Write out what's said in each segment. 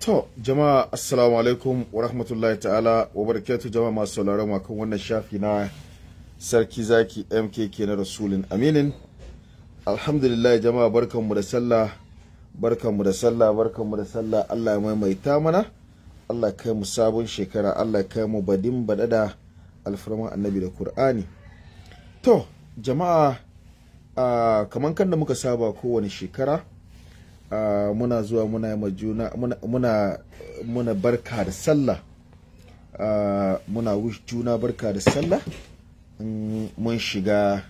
To, jama'a assalamu alaikum wa rahmatullahi ta'ala wa barakatu jama'a masu sauraron makon wannan shafi na sarki zaki MKK na Rasulin Aminin. Alhamdulillah jama'a barkanmu da sallah, barkanmu da sallah, barkanmu da sallah. Allah ya maimaita mana. Allah kai mu sabon shekara, Allah kai mu badin badada alfarman Annabi da Kur'ani. To, jama'a uh, kaman kan da muka saba kowane shekara, muna zuwa muna ma juna muna, muna, barka da sallah muna juna barka da sallah mun shiga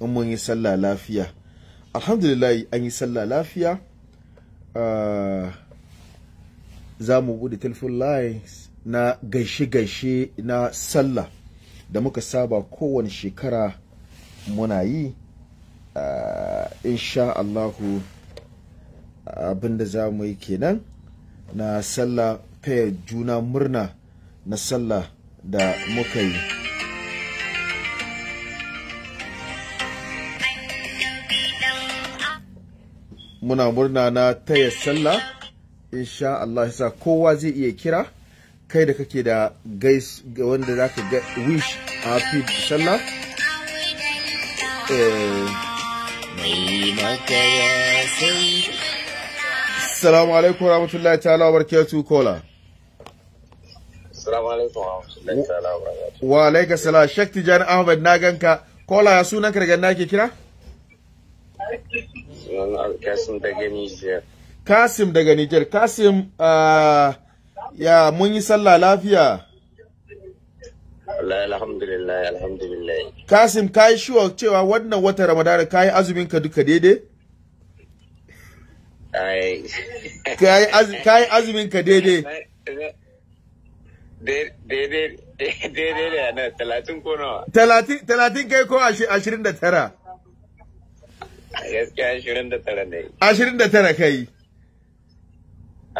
in mun yi sallah lafiya alhamdulillah an yi sallah lafiya za mu bude telephone lines na gaishe-gaishe na sallah da muka saba kowane shekara muna yi insha Allahu abin da za mu yi kenan na sallah taya juna murna na sallah da muka yi muna murna na taya sallah insha Allah sa kowa zai iya kira kai da kake da gais wanda za ka ga wish happy sallah eh mai maka ya sai Assalamu alaikum rahmatullahi ta'ala wabarakatuh kola. Assalamu alaikum rahmatullahi ta'ala wabarakatuh. Wa alaikum salam Sheikh Tijani Ahmed na ganka. Kola ya sunan ka daga ke kira? Kasim daga Niger. Kasim daga Niger. Kasim ah, ya mun yi sallah lafiya. alhamdulillah alhamdulillah. Kasim kai shiwa cewa wannan wata Ramadana kai azumin ka duka daidai? kai yi azumin ka daidai daidai da na talatin ko nawa talatin kai ko ashirin da tara gaskiya ashirin da tara ne ashirin da tara kai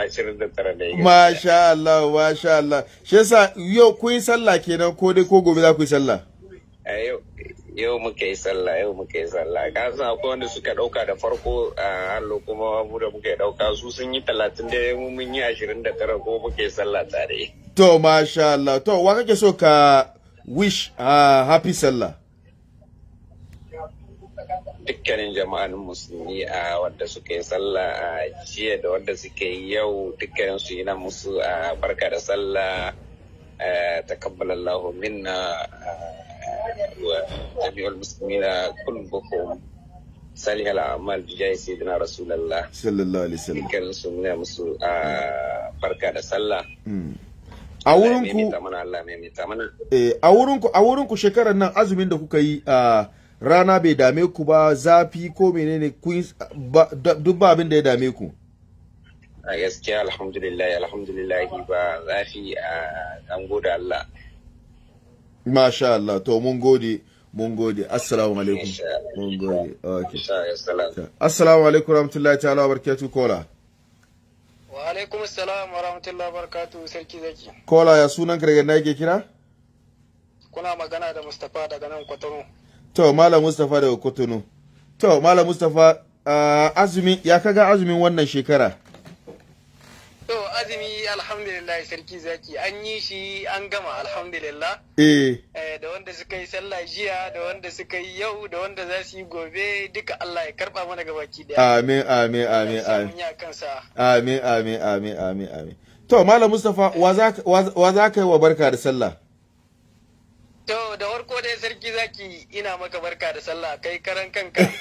ashirin da tara ne masha Allah masha Allah shi yasa yau kun yi sallah kenan ko dai ko gobe za ku yi sallah a yau yau muka yi sallah yau muka yi sallah ka san akwai wanda suka dauka da farko a hallo kuma mu da muka dauka su sun yi talatin da mu mun yi ashirin da tara ko muka yi sallah tare. to masha Allah to wa kake so ka wish a happy sallah. dukkanin jama'an musulmi a wanda suka yi sallah a jiya da wanda suka yi yau dukkanin su na musu a barka da sallah takabbalallahu minna شفيع المسلمين كلكم صالح الأعمال بجاه سيدنا رسول الله صلى الله عليه وسلم dukkan su muna musu barka da sallah a wurinku a wurinku a wurinku shekarar nan azumin da kuka yi a rana bai dame ku ba zafi ko menene duk ba abin da ya dame ku a gaskiya alhamdulillah alhamdulillah ba zafi a dan goda Allah Masha Allah, to mun gode. mun gode assalamu alaikum mun gode okay assalamu alaikum rahmatullahi ta'ala wa barakatuh kola wa alaikum assalam wa rahmatullahi wa barakatuh sarki zaki kola ya sunan ka daga ina yake kira kuna magana da mustafa daga nan Kwatano to malam mustafa daga Kwatano to malam mustafa ah, azumi ya kaga azumin wannan shekara azumi alhamdulillah sarki zaki an yi shi an gama alhamdulillah. Eh. eh. Da wanda suka yi sallah jiya da wanda suka yi yau da wanda za su yi gobe duka Allah ya karba mana gabaki da Amin amin amin amin. Amin amin amin amin amin. To Malam mustafa wa za ka yi wa barka da sallah? To da warko dai sarki zaki ina maka barka da sallah kai karan kanka.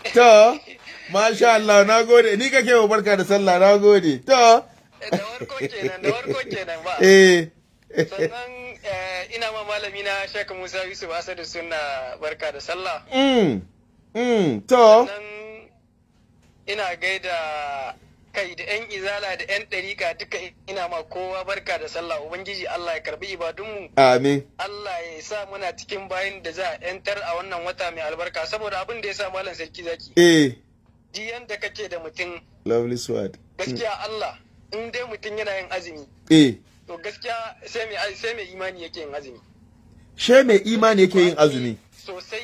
To. Masha Allah, na gode. Ni kake wa barka da sallah, na gode. To. Eh, da warko kenan, da warko kenan ba. Eh. Sannan eh, ina ma malami na Shaka Musa Yusuf Asadu suna barka da sallah. Mm. Mm, to. Sannan ina gaida kai da 'yan izala da 'yan ɗarika duka ina ma kowa barka da sallah ubangiji Allah ya karbi ibadunmu amin Allah ya sa muna cikin bayan da za a 'yantar a wannan wata mai albarka saboda abin da ya sa malam sarki zaki eh duk ka kake da mutum lovely sword gaskiya Allah in dai mutum yana yin azumi eh to gaskiya sai mai sai mai imani yake yin azumi she mai imani yake yin azumi sosai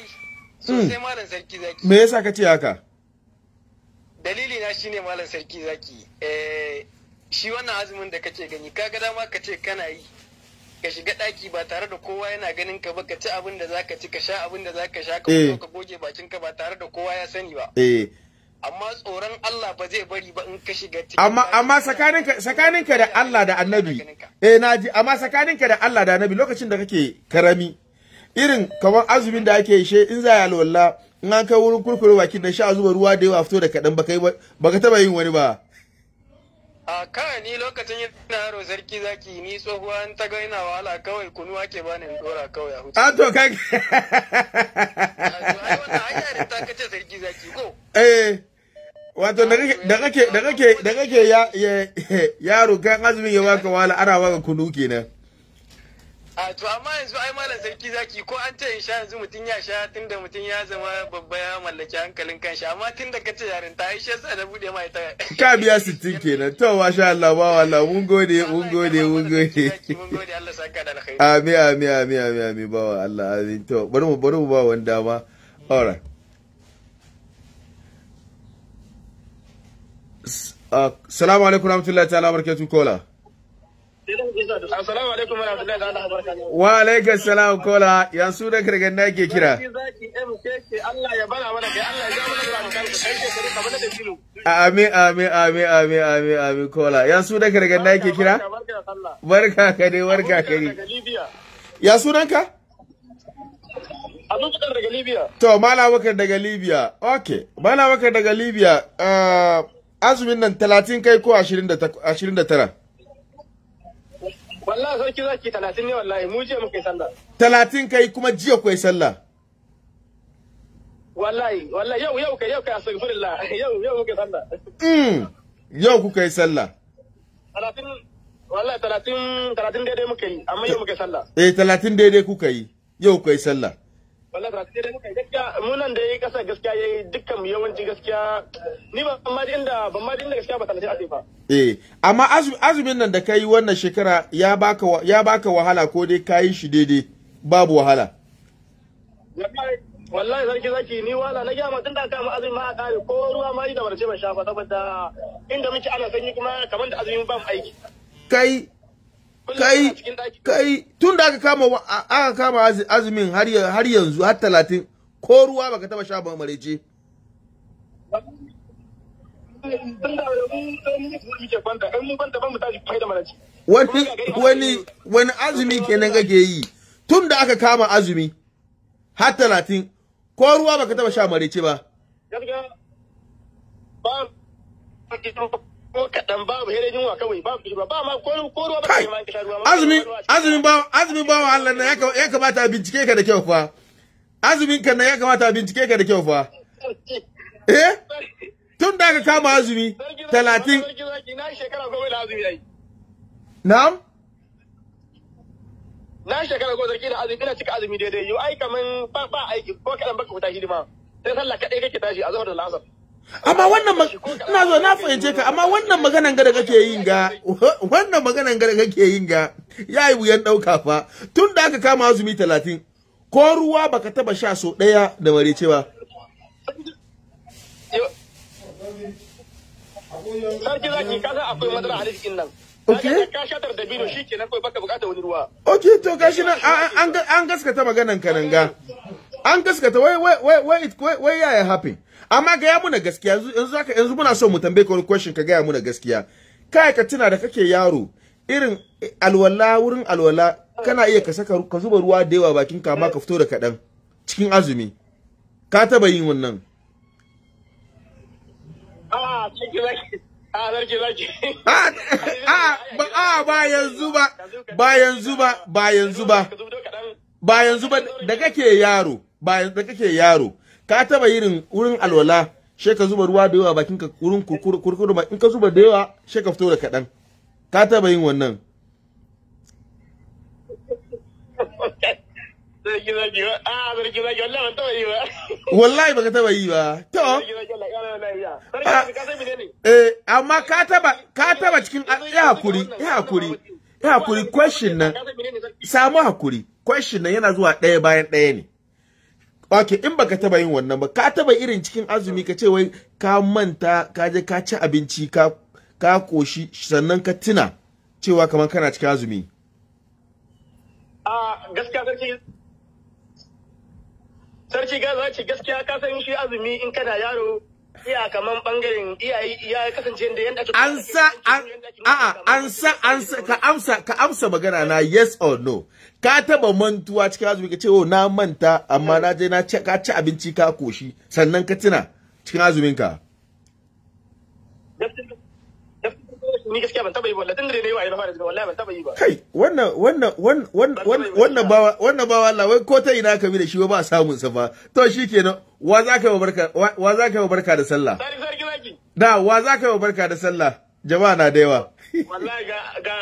hmm. sosai malam sarki zaki me yasa ce haka dalili na shine malam sarki zaki eh shi wannan azumin da kake gani kaga dama ce kana yi ka shiga daki ba tare da kowa yana ganin ka ba ka ci abin da zaka ci ka sha abin da zaka sha ka eh. ka goge bakin ka ba tare da kowa ya sani ba eh amma tsoron Allah ba zai bari ba in ka shiga cikin amma amma sakaninka sakaninka da Allah da Annabi eh naji amma sakaninka da Allah da Annabi lokacin da kake karami irin kaman azumin da ake she in za ya lalla in an kai wurin kurkure bakin da sha zuba ruwa da yawa fito da kadan baka ka taba yin wani ba a kai ni lokacin ina yaro sarki zaki ni tsohuwa an ta ina wahala kawai kunu ake bani in dora kawai a hutu. A to kai. Ai wata hanyar ta kace sarki zaki ko? Eh. Wato da kake da kake da kake yaro kan azumin ya baka wahala ana baka kunu kenan. a to amma yanzu ai malam sarki zaki ko an ce in sha yanzu mutum ya sha tunda mutum ya zama babba ya mallaki hankalin kanshi amma tun ka ce yarin ta yi shesa da bude mai ta ka biya sittin kenan to sha Allah ba allah mun gode mun gode mun gode mun gode Allah saka da alkhairi amin amin amin amin ba Allah amin to bari mu bari mu ba wanda dama alright Assalamu uh, alaikum warahmatullahi ta'ala barakatuh kola Assalamu alaikum Wa alaikum salam kola ya su da kirgan da ke kira. Allah ya mana kai Allah kola su da kirgan da ke kira. Barka ka barka ka dai. Ya sunanka? Abubakar daga Libya. To Malawakar daga Libya. Okay. Ah, daga Libya. azumin nan talatin kai ko ashirin da wallahi sarki zaki talatin ne wallahi mu jiya muka yi sallah 30 kai kuma jiya ku yi sallah wallahi wallahi yau yau kai yau kai astaghfirullah yau yau muka yi sallah hmm, yau kuka yi sallah talatin wallahi amma yau muka yi sallah eh, talatin daidai kuka yau kuka yi sallah wallahi ba sai muka gaskiya nan da yayi kasa gaskiya yayi dukkan yawanci gaskiya ni ba inda ban ma inda gaskiya ba ba eh amma azumin nan da kai wannan shekara ya baka ya baka wahala ko dai kai shi daidai babu wahala wallahi sarki zaki ni wala na gyama tun aka mu azumi ma a kare ko ruwa ma da barce sha ba saboda inda muke ana sanyi kuma kamar da ba mu aiki kai kai kai tun da aka kama aka kama azumin har har yanzu har 30 ko ruwa baka taba sha ba marece wani wani wani azumi kenan kake yi tun da aka kama azumi har 30 ko ruwa baka taba sha marece ba kaɗan babu yunwa kawai babu ba ma ko ruwa ba kai azumi azumi ba azumi ba wa Allah na ya kamata a bincike ka da kyau fa azumin ka na ya kamata a bincike ka da kyau fa eh tun da ka kama azumi 30 na'am na shekara ko sarki da azumi ina cika azumi daidai yau ai kaman ba aiki ko kaɗan baka fita hidima sai sallah kaɗai kake tashi a da lasar amma wannan ina zo na fahimce ka amma wannan maganan ga da kake yin ga wannan maganan ga da kake yin ga yayi wuyan dauka fa tun da aka kama azumi 30 ko ruwa baka taba sha so daya da marece ba zaki ka san akwai halittin nan Okay. Okay to gashi nan an gaskata maganan kananga. an gaskata wai wai wai wai wai yaya happy. amma ga ya muna gaskiya yanzu zaka yanzu muna so mu tambaye ka wani question ka ga ya muna gaskiya kai ka tuna da kake yaro irin eh, alwala wurin alwala kana iya ka saka ka zuba ruwa da yawa bakin ka amma ka fito da kadan cikin azumi ka taba yin wannan a cikin a ba yanzu ba ba yanzu ba ba yanzu ba ba yanzu ba da kake yaro bayan da kake yaro ka taba irin wurin alwala she ka zuba ruwa da yawa bakin ka wurin kurkuru in ka zuba da yawa she ka fito da kadan ka taba yin wannan ah, wallahi baka taba yi ba to ah. eh amma ka taba ka taba cikin ya hakuri ya hakuri ya hakuri question nan samu hakuri question nan yana zuwa ɗaya bayan ɗaya ne Okay, in baka taba yin wannan ba, ka taba irin cikin azumi ka ce wai ka manta ka je ka ci abinci ka ka koshi sannan ka tuna cewa kamar kana cikin azumi. A gaskiya sarki Sarki ga zaci gaskiya ka san shi azumi in kana yaro iya kaman bangaren iyaye ya kasance da yanda an sa a a an sa an sa ka amsa ka amsa magana na yes or no ka taba mantuwa cikin azumi ka ce oh na manta amma na je na ci ka ci abinci ka koshi sannan ka tuna cikin azumin ka kai wannan wannan wannan wannan bawa wannan bawa Allah wai ko ta ina ka bi da shi ba samun sa ba to shikenan wa za ka yi barka wa za ka yi barka da sallah da wa za ka yi barka da sallah jama'a na da yawa wallahi ga ga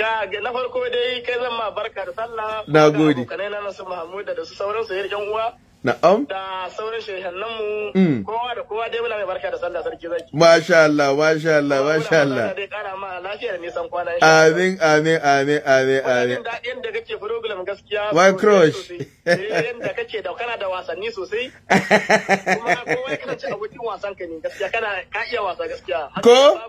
ga na farko dai kai zan ma barka da sallah na gode kanai na nasu mahmuda da su sauransu yan uwa Na'am. Da sauran shehannan mu mm. kowa da kowa dai muna mai barka da sallah sarki zaki. Masha Allah, masha Allah, masha Allah. Dai kara ma lafiyar nisan kwana. Amin, amin, amin, amin, amin. Wani daɗin da kake program gaskiya. Wani crush. Eh, yanda kake da kana da wasanni sosai. Kuma kowa kana ci abokin wasan ka ne gaskiya kana ka iya wasa gaskiya. Ko?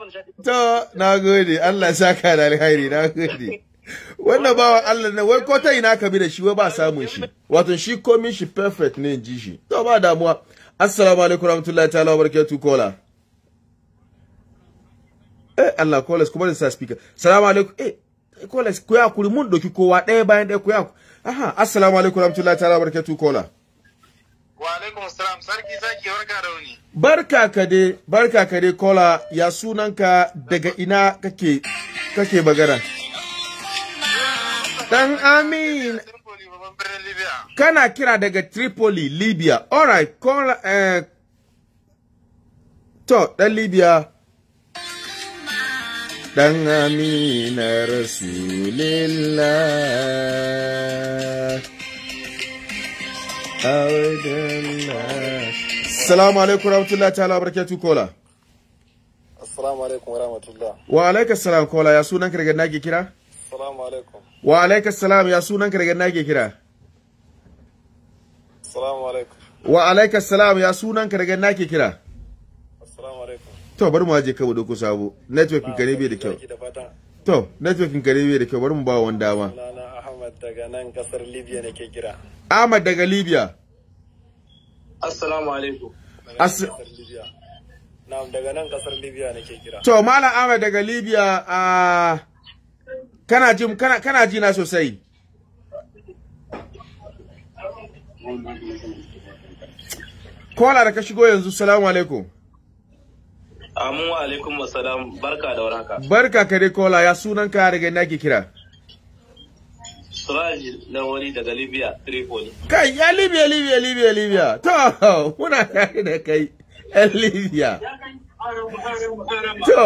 To, na gode. Allah ya saka da alkhairi, na gode. wannan bawa Allah ne wai ko ta ina ka bi da shi wai ba samun shi wato shi komin shi perfect ne ji shi to ba damuwa assalamu alaikum warahmatullahi ta'ala wabarakatuh kola eh Allah kola kuma da sa speaker assalamu alaikum eh kola ku ya kuri mun doki kowa ɗaya bayan ɗaya ku ya aha assalamu alaikum warahmatullahi ta'ala wabarakatuh kola Wa alaikum assalam sarki zaki warka da wuni. Barka ka dai, barka ka dai kola ya sunanka daga ina kake kake magana. Dan Amin. Kana kira daga Tripoli, Libya. All right, call eh to da Libya. Dan Amin Rasulillah. Assalamu alaikum warahmatullahi ta'ala barakatuh kola. Assalamu alaikum warahmatullahi. Wa alaikum assalam kola ya sunan ka daga nake kira? Assalamu alaikum. wa alaikas salam ya sunanka daga ina ke kira assalamu alaikum wa alaikas salam ya sunanka daga ina ke kira assalamu alaikum to bari mu aje kawo doko sabo network ka ne bai da kyau to network ka ne bai da kyau bari mu ba wa wanda ma Ahmad daga nan kasar Libya nake kira Ahmad daga Libya assalamu alaikum As Na'am daga nan kasar Libya nake kira. To Malam Ahmed daga Libya a uh... kana ji kana kana ji na sosai kola da ka shigo yanzu salamu alaikum amu ah, alaikum assalam barka da warhaka barka ka dai kola ya sunan ka daga ina ke kira na wani daga Libya, Tripoli. Kai, ya Libya, Libya, Libya, Libya. To, muna kai da kai, Libya. To,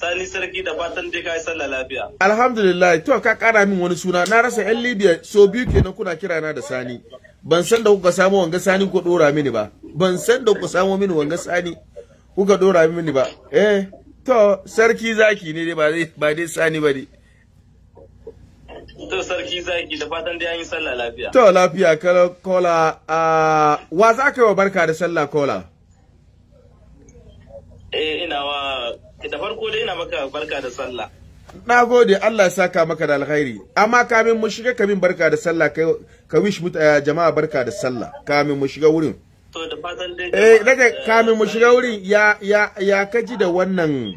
sani sarki da fatan dai yi sallah lafiya alhamdulillah to ka kara min wani suna na rasa yan libya so biyu kenan kuna kira na da sani ban san da kuka samu wanga sani ko dora mini ba ban san da kuka samu mini wanga sani kuka dora mini ba eh to sarki zaki ne dai ba dai ba dai sani ba dai to sarki zaki da fatan dai an yi sallah lafiya to lafiya kala kola ah, wa za ka yi wa barka da sallah kola eh ina wa da farko dai ina maka barka da sallah na gode Allah ya saka maka da alkhairi amma kamin mu shiga kamin barka da sallah kai ka wish eh, jama'a barka da sallah kamin mu shiga wurin to da fatan dai eh daga kamin mu shiga wurin ya ya ya kaji da wannan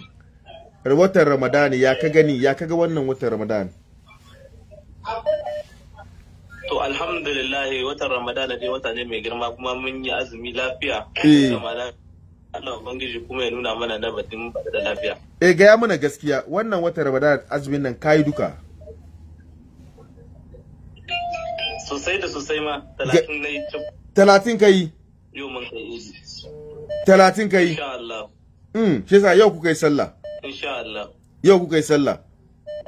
watan Ramadani ya ka gani ya kaga wannan watan Ramadani To alhamdulillah watan ramadani dai wata ne mai girma kuma mun yi azumi lafiya. eh. Allah ubangiji kuma ya nuna mana na batun da lafiya eh gaya mana gaskiya wannan wata Ramadan azumin nan kai duka sosai da sosai ma 30 nayi 30 kai yau mun kai talatin ka yi. Mm, shi yasa yau kuka yi sallah. Insha Allah. Yau kuka yi sallah.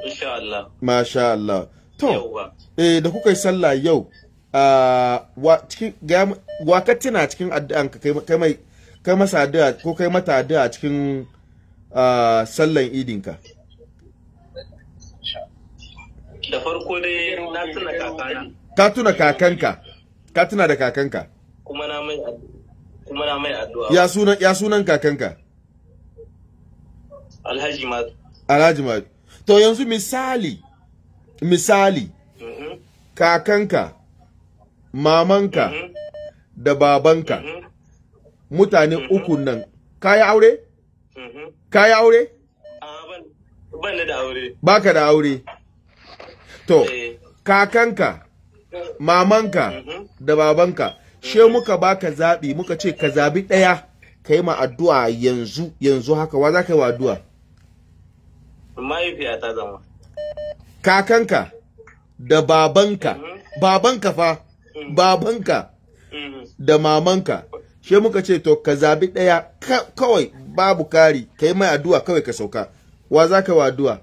Insha Allah. Masha Allah. To, eh da kuka yi sallah yau, uh, wa cikin ga wa cikin addu'an ka kai mai kai masa addu'a ko kai mata addu'a cikin sallan idinka da farko dai na tuna kakana ka tuna kakanka ka tuna da kakanka kuma na mai kuma na mai addu'a ya sunan ya sunan kakanka Alhaji Madu Alhaji Madu to yanzu misali misali mm-hmm. kakanka mamanka mm-hmm. da babanka mm -hmm. mutane uku nan kayi aure mhm. kayi aure ban da aure baka da aure to eh. kakanka mamanka mhm. da babanka she mhm. muka baka zabi muka ce ka zabi daya ka ma addu'a yanzu yanzu haka wa za ka yi wa addu'a mahaifiyata zama kakanka da babanka babanka fa babanka da mamanka shi muka ce to ka zabi ɗaya kawai babu kari yi mai addu'a kawai ka sauka wa za ka yi wa addu'a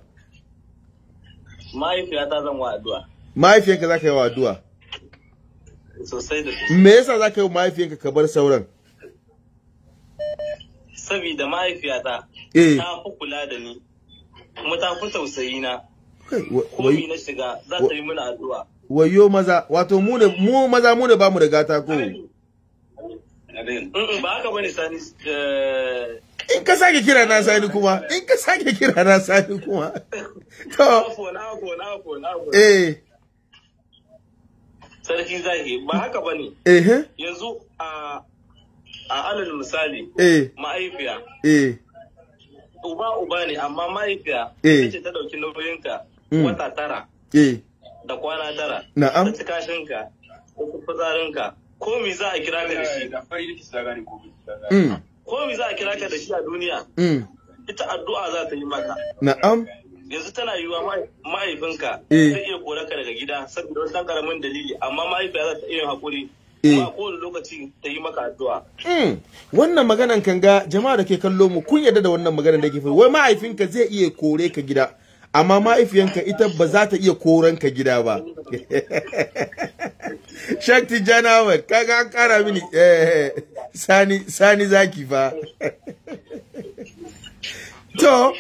mahaifiyata zan wa addu'a mahaifiyanka za ka yi wa addu'a sosai da me yasa za ka yi mahaifiyanka ka bar sauran saboda mahaifiyata eh. ta fi kula da ni kuma ta fi tausayi na komi na shiga za ta yi mana addu'a wayo maza wato mu maza mu ne bamu da gata ko Mm, mm, ba haka bane sani eh. in ka sake kira na sani kuma in ka sake kira na sani kuma to eh sarki zahi ba haka bane eh yanzu a a alal misali eh ma'aifiya eh uba uba ne amma ma'aifiya eh. ce ta dauki nauyinka mm. wata tara eh da kwana tara na'am ta kashinka ko fitsarinka ko me za a kira ka da shi ko mm. za a kira ka da shi a duniya mm. ita addu'a za ta yi maka na'am yanzu tana yiwuwa mahaifinka eh. zai iya kora ka daga gida saboda wani ɗan ƙaramin dalili amma mahaifiya za ta iya haƙuri eh. lokaci ta yi maka addu'a. Mm. Wannan maganan kan ga jama'a da ke kallo mu kun yarda da wannan maganan da ke fi wai mahaifinka zai iya kore ka gida amma mahaifiyanka ita ba za ta iya koren ka gida ba. Shakti jana Ahmed, kaga an kara mini eh sani sani zaki fa. to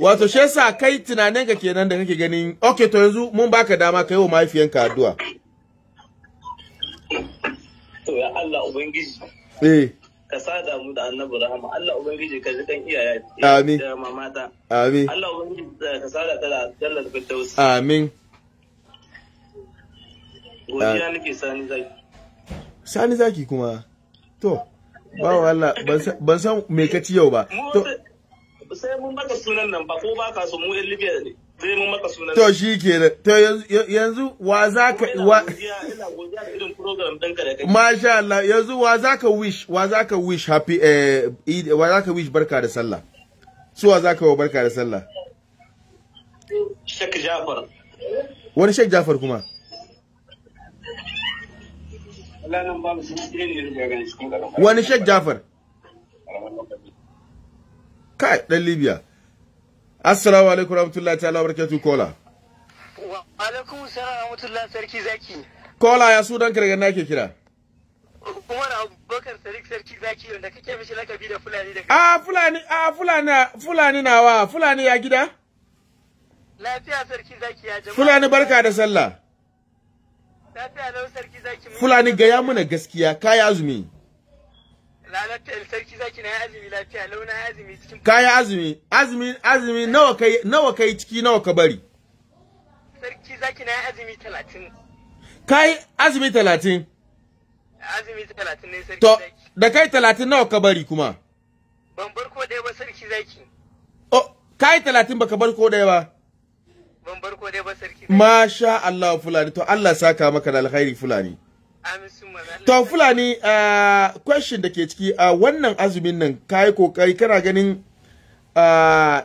wato shi yasa kai tunanin ka kenan da kake ganin okay to yanzu mun baka dama kai wa ka addu'a. To ya Allah Ubangiji. Eh. ka sada mu da annabi rahama Allah ubangiji ka ji kan iyaye amin da mamata amin Allah ubangiji ka sada ta da jallal fitawsi amin godiya ah. nake sani zaki sani zaki kuma to ba wala ban san me ka ci yau ba to sai mun baka sunan nan ba ko ba ka so mu yan libya ne sai mun maka sunan to shi ke to yanzu wa za ka wa masha Allah yanzu wa za ka wish wa za ka wish happy eh wa za ka wish barka da sallah su wa za ka wa barka da sallah shek Jafar wani shek Jafar kuma wani shek jafar kai dan libya assalamu alaikum rahmatullahi ta'ala barakatu kola wa alaikum salam rahmatullahi sarki zaki kola ya su dan kirgan nake kira Umar Abubakar Sadiq sarki zaki wanda kake mishi lakabi da Fulani da a ah, Fulani a ah, Fulani Fulani nawa Fulani ya gida Lafiya sarki zaki ya jama'a Fulani barka da sallah Fulani gaya mana gaskiya kaya azumi. sarki azumi azumi kaya azumi azumi azumi nawa kai nawa kai ciki nawa ka bari sarki zaki na azumi 30 kai azumi 30 azumi 30 ne sarki to da kai 30 nawa ka bari kuma ban bar ko dai ba sarki zaki oh kai 30 baka bar ko dai ba Ban barko dai ba sarki. Masha Allah Fulani to Allah saka maka da alkhairi Fulani. To Fulani uh, question da ke ciki a uh, wannan azumin nan kayi kokari kana ganin uh,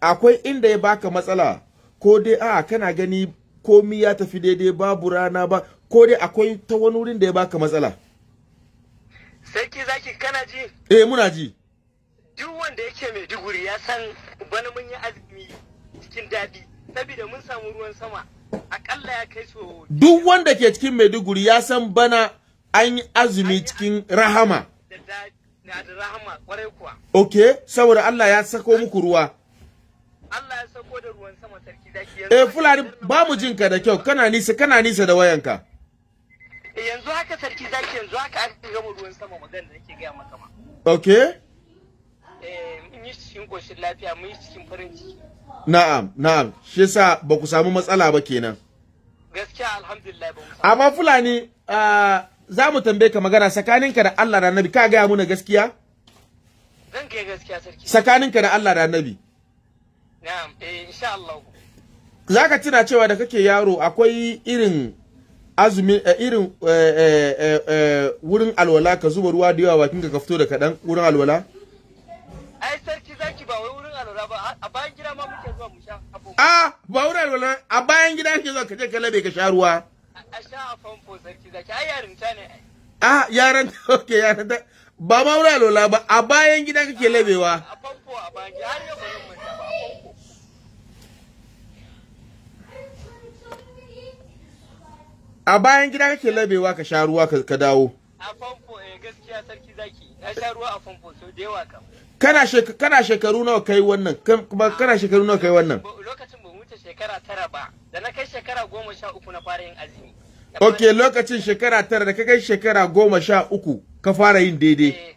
akwai inda ya baka matsala ko dai a kana gani komi ya tafi daidai babu rana ba ko dai akwai ta wani wurin da ya baka matsala. Sarki zaki kana ji? Eh muna ji. Duk wanda yake mai duguri ya san bana mun yi azumi cikin daɗi. saboda mun samu ruwan sama akalla ya kai so duk wanda ke cikin Maiduguri ya san bana an yi azumi cikin rahama da da rahama kwarai kuwa okay saboda Allah ya sako muku ruwa Allah ya sako da ruwan sama sarki zaki eh fulani ba mu jin ka da kyau kana nisa kana nisa da wayanka eh, yanzu haka sarki zaki yanzu haka aka gama ruwan sama magana da nake gaya maka ma okay eh mun yi cikin koshin lafiya mun yi cikin farin ciki Na'am, na'am. Shi yasa ba ku samu matsala ba kenan. Gaskiya alhamdulillah ba mu samu. Amma Fulani za mu tambaye ka magana tsakaninka da Allah da Annabi ka gaya muna gaskiya? Zan ga gaskiya sarki. Tsakaninka da Allah da Annabi. Na'am, eh insha Allah. Za ka tuna cewa da kake yaro akwai irin azumi eh, irin eh, eh, wurin alwala ka zuba ruwa da yawa bakinka ka fito da kaɗan wurin alwala? a ba wurin alwala a bayan gidan ke zuwa ka je ka ka sha ruwa a sha a famfo sarki zaki ai yarinta ne a yaran okay yaran ta ba ma wurin alwala ba a bayan gida kake labewa a famfo a bayan gidan, har yau ba zan manta ba a bayan gida kake labewa ka sha ruwa ka dawo a famfo eh gaskiya sarki zaki na sha ruwa a famfo so da yawa kam kana shekaru nawa kai wannan kana shekaru nawa kai wannan shekara tara ba da na kai shekara goma sha uku na fara yin azumi ok lokacin shekara tara da ka kai shekara goma sha uku ka fara yin daidai eh.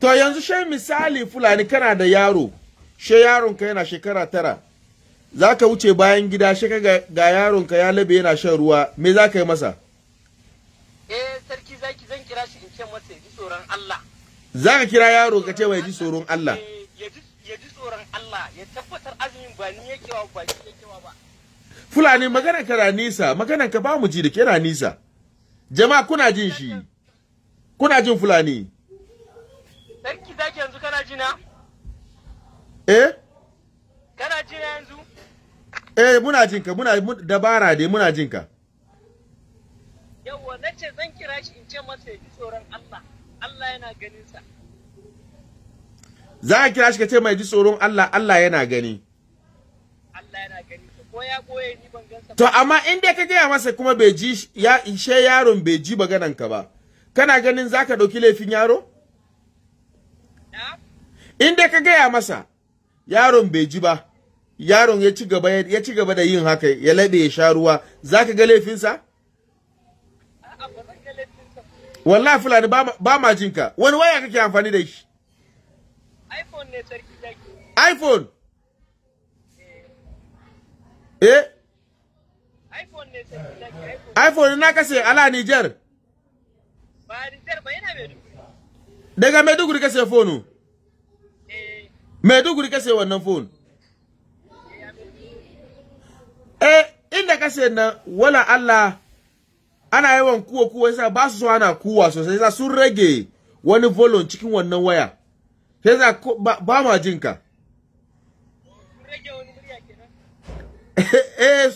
to yanzu shai misali fulani kana da yaro she yaronka yana shekara tara za ka wuce bayan gida shi ga, ga yaronka ya labe yana shan ruwa me za ka yi masa eh sarki zaki zan kira shi in ce masa ya ji tsoron Allah za ka kira yaro ka ce mai ji tsoron Allah eh, ya ji tsoron Allah ya tabbatar azumin ba ni yake wa ba ni shi fulani magana ka na nisa magana ka ba mu ji da ke nisa jama'a kuna jin shi kuna jin fulani sarki zaki yanzu kana jina eh kana jina yanzu eh muna jin ka muna dabara dai muna jin ka yawwa nace zan kira shi in ce masa ya ji tsoron Allah Allah yana ganin sa za ka kira shi ka ce mai ji tsoron Allah Allah yana gani To amma inda ka gaya masa kuma bai ji ya ishe yaron bai ji maganan ka ba. Kana ganin zaka dauki laifin yaro? Inda ka gaya masa yaron bai ji ba. Yaron ya ci gaba ya ci gaba da yin haka ya labe ya sha ruwa zaka ga laifinsa? Wallahi fulani ba ma jinka. Wani waya kake amfani da shi? iPhone ne sarki iPhone Eh? iPhone ne sai iPhone na ala Niger. Ba Niger ba yana Maiduguri. Daga Maiduguri kase phone. Eh. Maiduguri kase wannan phone. Eh, inda kase nan wala Allah ana yawan kuwa kuwa yasa ba su so ana kuwa sosai yasa sun rage wani volume cikin wannan waya. Sai ba ma jinka. eh, eh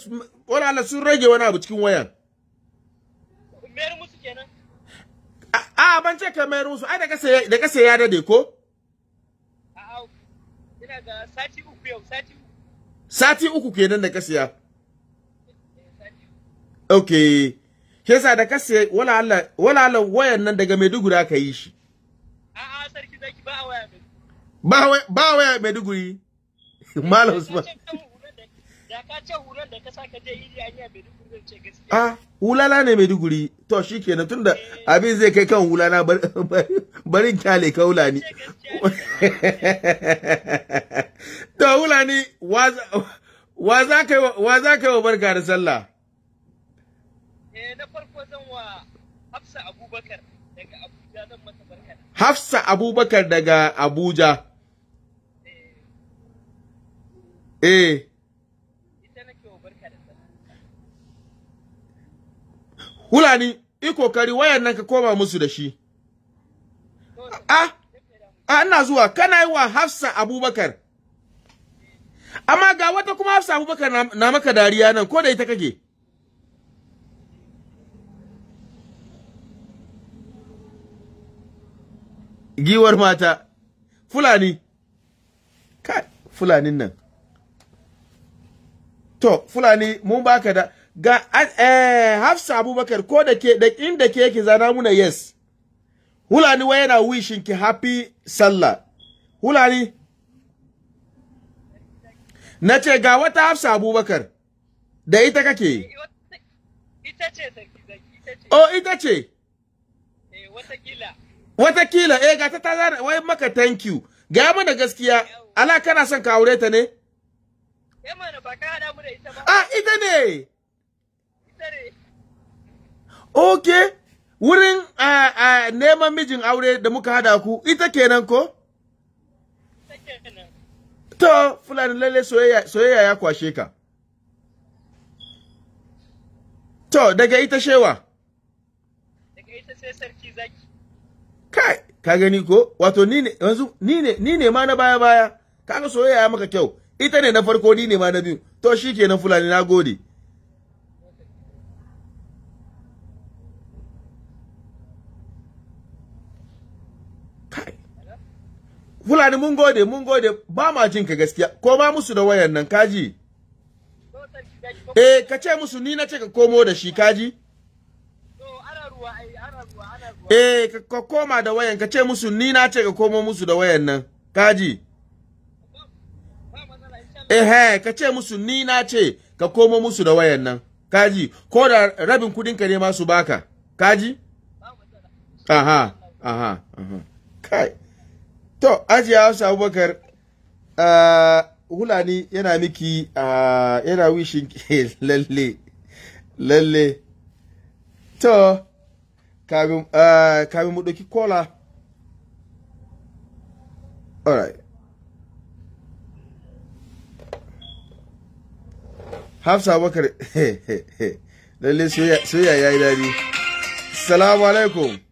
wani Allah sun rage wani abu cikin wayan mayar musu kenan a ban ce ka mayar musu ai da kasa da kasa ya dade ko a'a ina ga sati uku yau sati uku sati uku kenan da kasa ya eh, okay yasa da kasa wala Allah wala Allah wayan nan daga Maiduguri aka yi shi a'a sarki zaki ba waya ba waya Maiduguri Malam Usman da ka ce hulan da ka saka je idi ah, ne Maiduguri to tunda eh. abin zai kai kan hulana barin kyale kaula ni to hulani wa za ka yi wa barka da sallah eh, Hafsa Abubakar daga Abuja zan Hafsa Abubakar daga Abuja eh, eh. Hulani, iko kokari wayan nan ka koma musu da shi. A, ah ina zuwa, kana yi wa Hafsa Abubakar. Amma ga wata kuma Hafsa Abubakar na maka dariya nan, ko da ita kake? Giwar mata, Fulani, kai, Fulanin nan. To, Fulani, mun baka da, ga eh, Hafsa Abubakar ko da ke da inda ke yake zana muna yes Hulani wai yana wishin ki happy sallah Hulani na ce ga wata Hafsa Abubakar da ita kake ita ce oh ita ce eh watakila eh ga ta ta zana wai maka thank you ga mana gaskiya ala kana son ka aure ta ne eh mana ba ka hada mu da ita ba ah ita ne Okay, wurin neman mijin aure da muka hada ku, ita kenan ko? To, Fulani lalle soyayya ya kwashe ka. To, daga ita shewa? Daga ita sai sarki zaki. Kai, ka gani ko? Wato, ni ne, yanzu, ni ne, ni ne ma na baya-baya, kaga soyayya ya maka kyau, ita ne na farko, ni ne ma na biyu, to shi kenan Fulani, na gode. Fulani mun gode mun gode ba ma jin ka gaskiya ko ba musu da wayan nan kaji eh ka ce musu ni na ce ka komo da shi kaji eh ka koma da wayan ka ce musu ni na ce ka komo musu da wayan nan kaji eh ka ce musu ni na ce ka komo musu da wayan nan kaji ko da rabin kudin ka ne ma su baka kaji aha aha aha kai to ajiya hausa abubakar hulani yana miki yana wishin lalle lalle to kamin mu ɗauki kola alright hafsa bakar lalle soyayya ya yi dadi salamu alaikum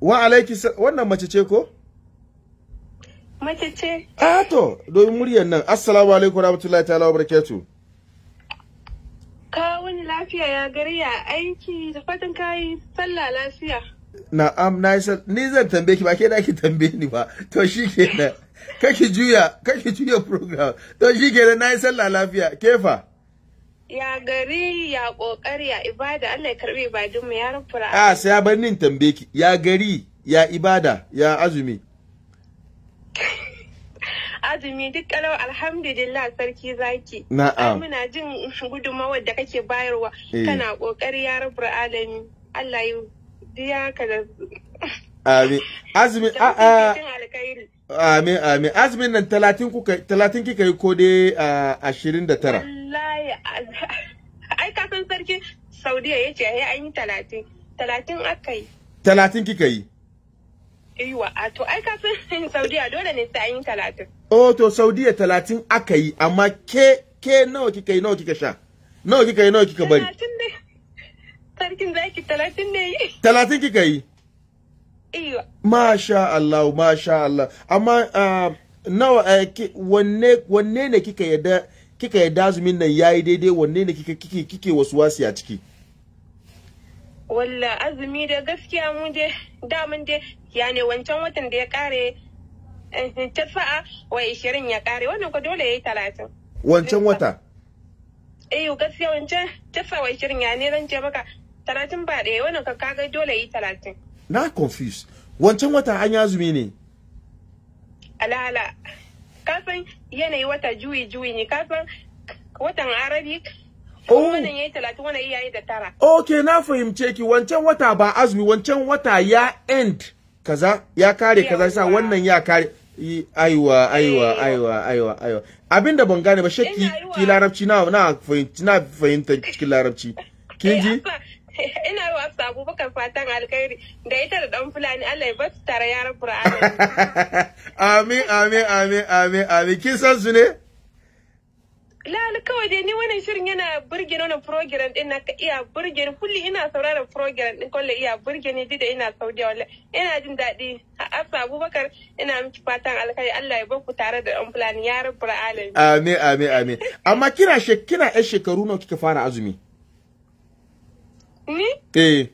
wa alaiki wannan mace ce ko mace ce a to muryar nan assalamu alaikum rahmatullahi ta'ala wa kawun lafiya ya gari ya aiki da fatan kayi sallah lafiya na'am na yi ni zan tambaye ki ba ke da ki tambaye ni ba to shikenan kake juya kake juya program to shikenan na yi sallah lafiya kefa ya gari ya kokari ya ibada Allah ya karbe ibadun mu ya rufura a ah, sai ya bar nin tambaye ki ya gari ya ibada ya azumi azumi duk kalau alhamdulillah sarki zaki na'am muna jin gudunmawar da kake bayarwa eh. kana kokari ya rufura alami Allah ya diya ka da amin azumi a a ah, ah. Amin, amin. Azumin nan talatin kika yi ko dai ashirin da tara. Wallahi, ai ka sarki Saudiya ya ce an yi talatin. Talatin aka yi. Talatin kika yi? Iwa, a to ai ka Saudiya dole ne sai an yi talatin. Oh, to Saudiya talatin aka yi, amma ke ke nawa kika yi nawa kika sha? Nawa kika yi nawa kika bari? Talatin ne. Sarkin zaki talatin ne yi. Talatin kika yi? Masha Allah, masha Allah. Amma ah, nawa eh, wanne wanne ne kika yadda kika yadda azumin nan yayi daidai wanne ne kika kike kike wasu wasi a ciki? Walla azumi da gaskiya mu je da je ya ne wancan watan da ya kare eh, ta sa'a wa 20 ya kare wannan ko dole yayi 30. Wancan wata? Eh gaskiya wancan ta sa'a wa 20 ya ne ran je maka 30 ba ɗaya wannan ka kaga dole yayi 30. na confuse wancan wata an yi azumi ne alala kasan yanayi wata juyi juyi ne kasan watan arabic Oh. Wannan yayi talatin wannan yayi da tara. Okay, na fahimce ki wancan wata ba azumi wancan wata ya end kaza ya kare kaza sa wannan ya kare eh. aiwa aiwa aiwa aiwa aiwa abinda ban gane ba shakki ki larabci na na fahimta cikin larabci kin eh, ji ina Abubakar fatan alkhairi Amin amin amin amin amin kin su ne? kawai dai ni wannan shirin yana burge wannan program na iya burge din iya daɗi Abubakar ina miki fatan Allah Amin amin amin amma kina kina shekaru nawa kika fara azumi? Ni? Eh.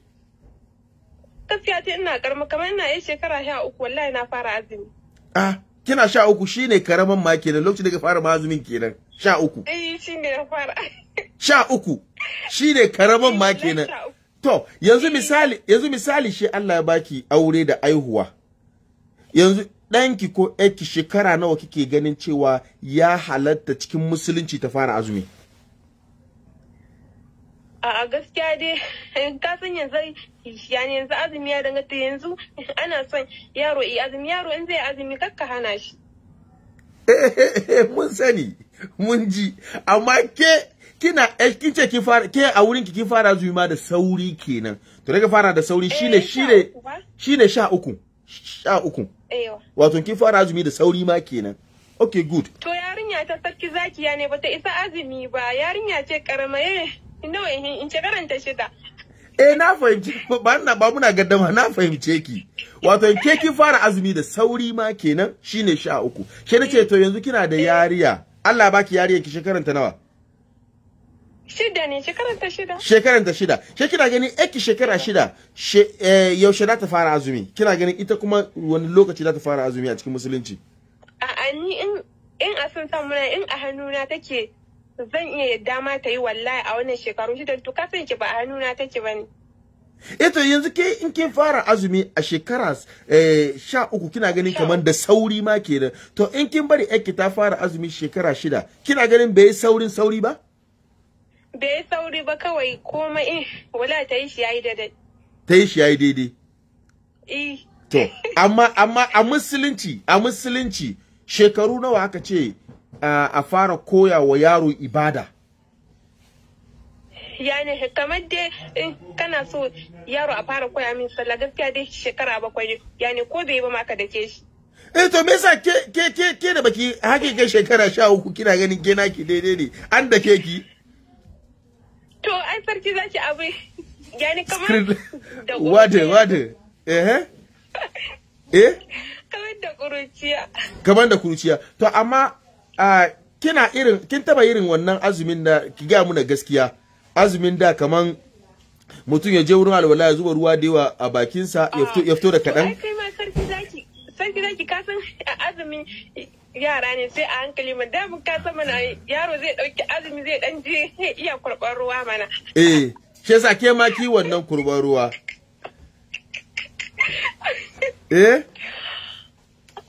Gaskiya ce ina karma kamar ina yi shekara sha uku wallahi na fara azumi. Ah, kina sha uku shine karaman ma kenan lokacin da ka fara ma azumin kenan. Sha uku. Eh, shine ya fara. Sha uku. Shine karaman ma kenan. To, yanzu eh. misali, yanzu misali shi Allah ya baki aure da aihuwa. Yanzu ɗanki ko ɗanki shekara nawa kike ganin cewa ya halatta cikin musulunci ta fara azumi? a gaskiya dai ka san yanzu yani yanzu azumi ya dangata yanzu ana son yaro yi azumi yaro in zai azumi ka hana shi eh, mun sani mun ji amma ke kina eh, kin ce kin fara ke a wurin ki kin fara azumi ma da sauri kenan to daga fara da sauri eh, shine shine shine sha uku sha uku wato kin fara azumi da sauri ma kenan okay good to yarinya ta sarki zakiya ne bata isa azumi ba yarinya ce karama nawa shida eh na fahimci ba na ba muna gaddama na fahimce ki wato ke ki fara azumi da sauri ma kenan shine sha uku ke nace to yanzu kina da yariya Allah baki yariya ki ta nawa shida ne ta shida ta shida Ke kina gani ki shekara shida eh, yaushe za ta fara azumi kina gani ita kuma wani lokaci za ta fara azumi a cikin musulunci a'a ni in in a sun muna, in a hannuna take zan iya yadda ma ta yi wallahi a wannan shekaru shida, to kasan ki ba a hannuna take ba ne. Eto eh yanzu ke in kin fara azumi a shekara eh, sha uku kina ganin kamar da sauri ma kenan to in kin bari ki ta fara azumi shekara shida kina ganin bai saurin sauri ba? Bai sauri ba kawai komai in eh, wala ta yi shi yayi daidai. Ta yi shi yayi daidai. To amma amma a musulunci a musulunci shekaru nawa aka ce a fara koya wa yaro ibada yani kamar dai in kana so yaro a fara koya min sallah gaskiya dai shekara bakwai ne yani ko bai ba ma ka dake shi eh to me yasa ke ke ke ke da baki haƙi kai shekara sha uku kina ganin ke naki daidai ne an da ke ki to ai sarki zaki abu yani kamar da wade wade eh eh kamar da kuruciya kamar da kuruciya to amma a kina irin kin taba irin wannan azumin da ki ga muna gaskiya azumin da kaman mutum ya je wurin alwala ya zuba ruwa da yawa a bakinsa ya fito da kaɗan. kai ma sarki zaki sarki zaki ka san azumin yara ne sai a hankali ma da ka san mana yaro zai ɗauki azumi zai ɗan je iya kurɓar ruwa mana. eh shi yasa ke ma ki wannan kurɓar ruwa. eh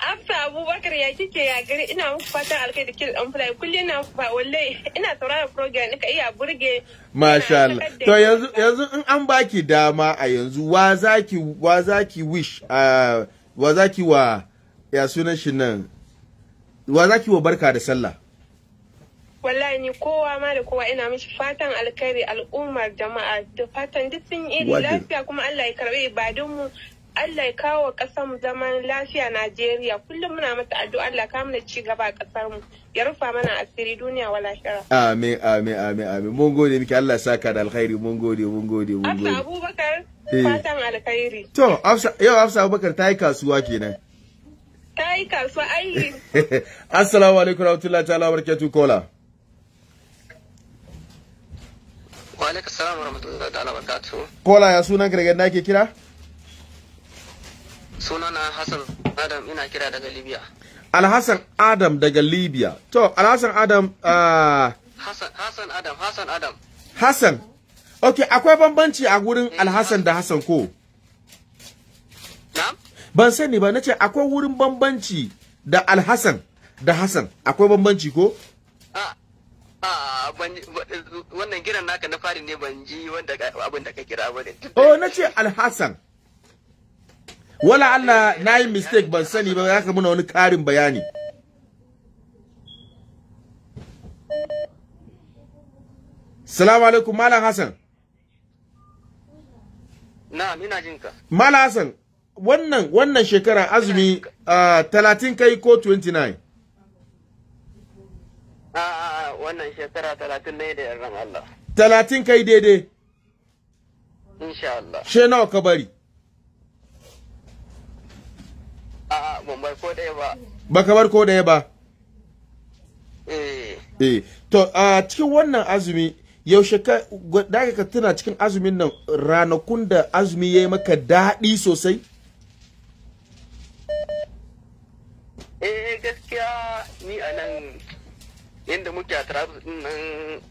Afsa Abubakar ya kike ya gari ina muku fatan alkai da kiran amfani kulle ina ba wallahi ina saurara program nika iya burge Masha Allah to yanzu yanzu in an baki dama a yanzu wa zaki wa zaki wish wa zaki wa ya sunan shi nan wa zaki wa barka da sallah wallahi ni kowa ma da kowa ina mishi fatan alkhairi al'ummar jama'a da fatan duk sun iri lafiya kuma Allah ya karbe ibadunmu Allah ya kawo ƙasar mu zaman lafiya Najeriya kullum muna mata addu'a Allah ka mana ci gaba a ƙasar mu ya rufa mana asiri duniya wa lahira. Amin amin amin amin mun gode miki Allah ya saka da alkhairi mun gode mun gode mun gode. Afsa Abubakar eh. fatan alkhairi. To Afsa yau Afsa Abubakar ta yi kasuwa kenan. Ta yi kasuwa ai. Assalamu alaikum rahmatullahi ta'ala barakatuh kola. Wa alaikum salam rahmatullahi ta'ala barakatuh. Kola ya sunan kirgan da ke kira? sunana Hassan Adam ina kira daga Libya. Alhassan Adam daga Libya. To, Alhassan Adam uh... Hassan, Adam, Hassan Adam. Hassan. Okay, akwai bambanci a gurin eh, Alhassan da Hassan ko? Ban sani ba, nace akwai wurin bambanci da Alhassan da Hassan. Akwai bambanci ko? Ah. ah wannan kiran naka na fari ne ban ji wanda abin da ka kira ba ne. Oh, nace Alhassan. wala Allah na yi mistake ban sani ba za ka muna wani karin bayani salamu alaikum malam hassan na'am ina jin ka malam hassan wannan wannan shekara azumi ah, talatin kai ko 29 A'a ah, ah, wannan shekara talatin ne da yaran Allah. Talatin kai daidai? Insha Allah. She nawa ka bari? ba. Baka ko ɗaya ba? Eh. Eh. To a cikin wannan azumi yaushe ka daga ka tuna cikin azumin nan ranakun da azumi ya maka daɗi sosai? Eh gaskiya ni a nan yadda muke a din nan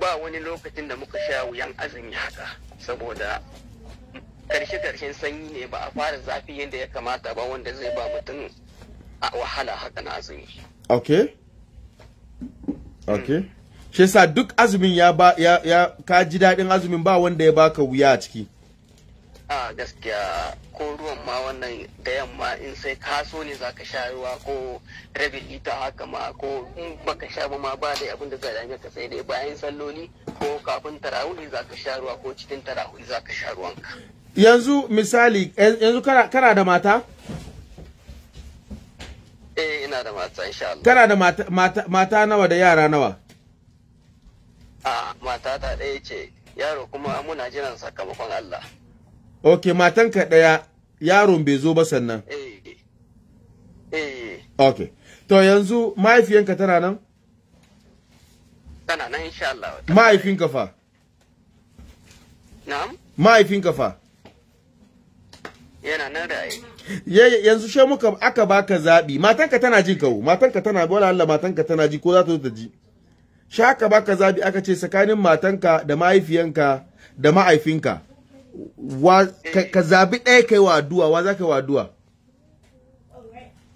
ba wani lokacin da muka sha wuyan azumi haka saboda karshe karshen sanyi ne ba a fara zafi yadda ya kamata ba wanda zai ba mutum a wahala haka na azumi Ok? Ok. Hmm. shi yasa duk azumin ya ba ya ya ka ji daɗin azumin ba wanda ya baka wuya a ciki a gaskiya ko ruwan ma wannan da yamma in sai ka so ne zaka sha ruwa ko rabin lita haka ma ko in baka sha ba ma ba da abin da zai ka sai dai bayan salloli ko kafin tarawih zaka sha ruwa ko cikin tarawih zaka sha ruwanka yanzu misali yanzu kana kana da mata eh ina da mata insha Allah kana da mata mata, mata nawa da yara nawa a mata ta ɗaya ce yaro kuma muna jiran sakamakon Allah ok ka daya yaron bai zo ba sannan eh eh ok to yanzu mahaifiyanka tana nan tana nan insha Allah mahaifinka fa na'am mahaifinka fa yana nan raye yanzu she muka aka baka zabi matanka tana ji kawo matanka tana wala Allah matanka tana ji ko za ta zo ta ji sha aka baka zabi aka ce tsakanin matanka da mahaifiyanka da mahaifinka wa ka zabi ɗaya kai wa addu'a wa za ka wa addu'a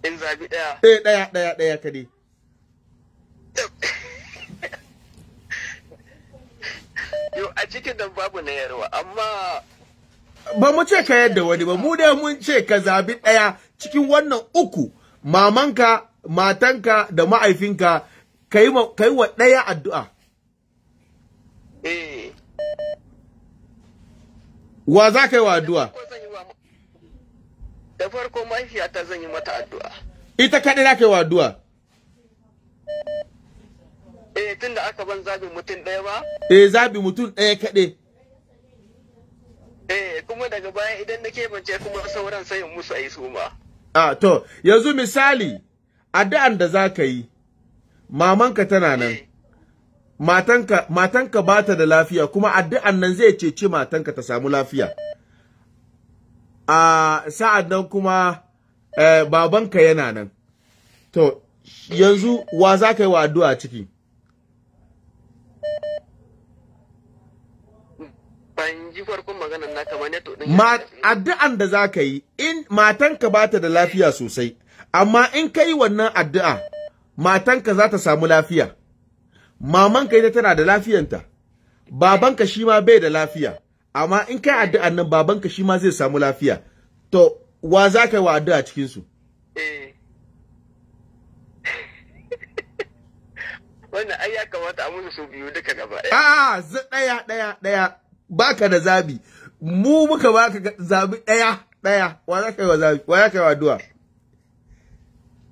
in zabi ɗaya eh ɗaya ɗaya ɗaya ka dai yo a cikin nan babu na yarwa amma ba mu ce ka yadda wani ba mu dai mun ce ka zabi ɗaya cikin wannan uku mamanka matanka da ma'aifinka ka yi wa ɗaya addu'a eh. wa za ka yi wa addu'a da farko mahaifiyata zan yi mata addu'a ita kaɗai za ka yi wa addu'a eh tunda aka ban zabi mutum ɗaya ba eh zabi mutum ɗaya kaɗai Eh, kuma daga baya idan na bance kuma sauran sai in musu ayi su ma a ah, to yanzu misali addu'an da za ka yi mamanka tana nan eh. matanka matanka ba ta da lafiya kuma addu'an nan zai ceci matanka ta samu lafiya a ah, sa'ad nan kuma eh, babanka yana nan to yanzu wa za ka yi wa addu'a ciki ban ji farkon addu'an da za ka yi in matanka ba ta da lafiya sosai amma in ka yi wannan addu'a matanka za ta samu lafiya mamanka ita tana da lafiyanta babanka shi ma bai da lafiya amma in ka yi addu'an nan babanka shi ma zai samu lafiya to wa za ka yi wa addu'a cikin su eh. wannan ai ya kamata a mun su biyu duka gaba ɗaya a'a daya daya daya baka da zabi mu muka ba ka zabi ɗaya ɗaya wa za ka yi wa zabi wa za ka yi wa addu'a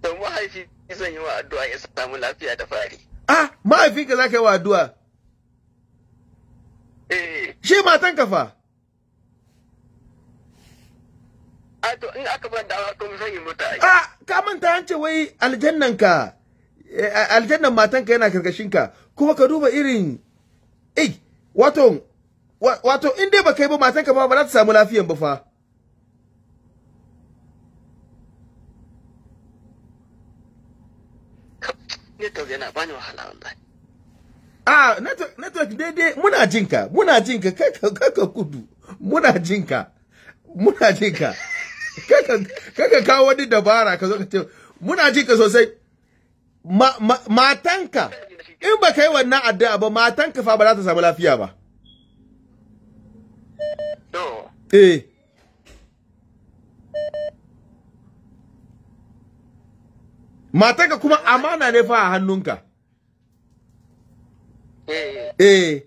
to mahaifi zan yi wa addu'a ya samu lafiya da fari ah mahaifinka za ka yi wa addu'a eh shi matan ka fa a to in aka ban dawa kuma zan yi mota ah ka manta an ce wai eh, aljannan ka aljannan matan ka yana karkashin ka kuma ka duba irin eh wato wato in dai baka yi ba matan ka ba za ta samu lafiyan ba fa network yana bani wahala wallahi ah network network daidai muna jinka muna jinka kaka kudu muna jinka muna jinka kaka kawo wani dabara ka zo ka ce muna jinka sosai matanka in baka yi wannan addu'a ba matanka fa ba za ta samu lafiya ba eh ka kuma amana ne fa a hannunka eh eh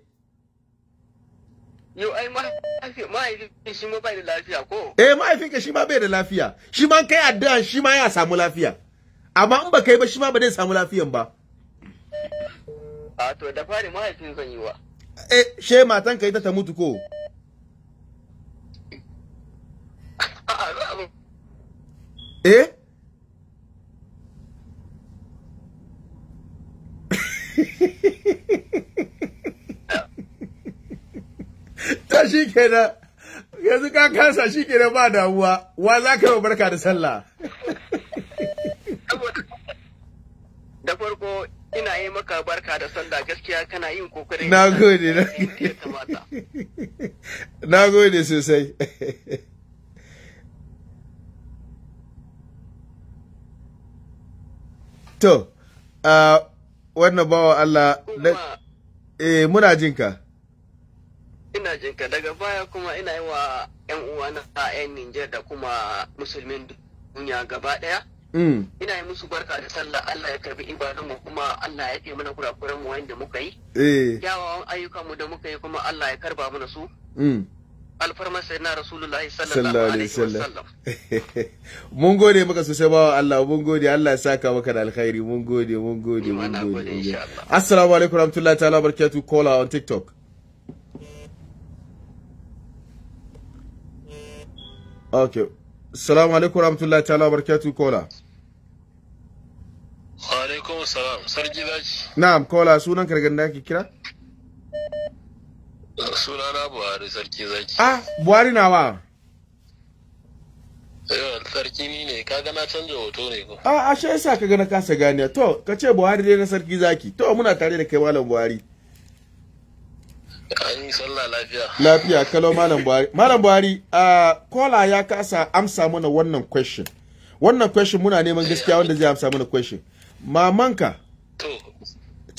yo ai mahaifin shi ma bai da lafiya ko eh mahaifinka shi ma bai da lafiya shi ma kai addu'a shi ma ya samu lafiya amma in ba kai ba shi ma ba zai samu lafiyan ba a to da fari mahaifin zan yi wa eh she matan kai ta ta mutu ko eh ta shi kenan yanzu ka kansa shi kenan ba damuwa wa za ka yi barka da sallah da farko ina yi maka barka da sallah gaskiya kana yin kokarin na gode na gode sosai to uh, wannan bawa Allah eh muna jinka ina jinka daga baya kuma ina yi wa 'yan uwa na 'yan Nijar da kuma musulmin duniya gaba daya mm. ina yi musu barka da sallah Allah ya karbi ibadun mu kuma Allah ya fiye mana kurakuran mu wanda muka yi eh. kyawawan ayyukan mu da muka yi kuma Allah ya karba mana su mm. alfarmar na rasulullahi sallallahu alaihi wasallam mun gode maka sosai bawa Allah mun gode Allah ya saka maka da alkhairi mun gode mun gode mun gode assalamu alaikum warahmatullahi ta'ala barakatu kola on tiktok okay assalamu alaikum warahmatullahi ta'ala kola wa alaikum assalam sarki zaki na'am kola sunan kargan da kira sunana buhari sarki zaki ah buhari nawa eh, sarki ni ne kaga na canza hoto ne ko ah ashe yasa kaga na kasa ganiya to ka ce buhari dai na sarki zaki to muna tare da kai malam buhari an yi sallah lafiya lafiya kalo malam buhari malam buhari ah kola ya kasa amsa mana wannan question wannan question muna neman gaskiya wanda zai amsa mana question mamanka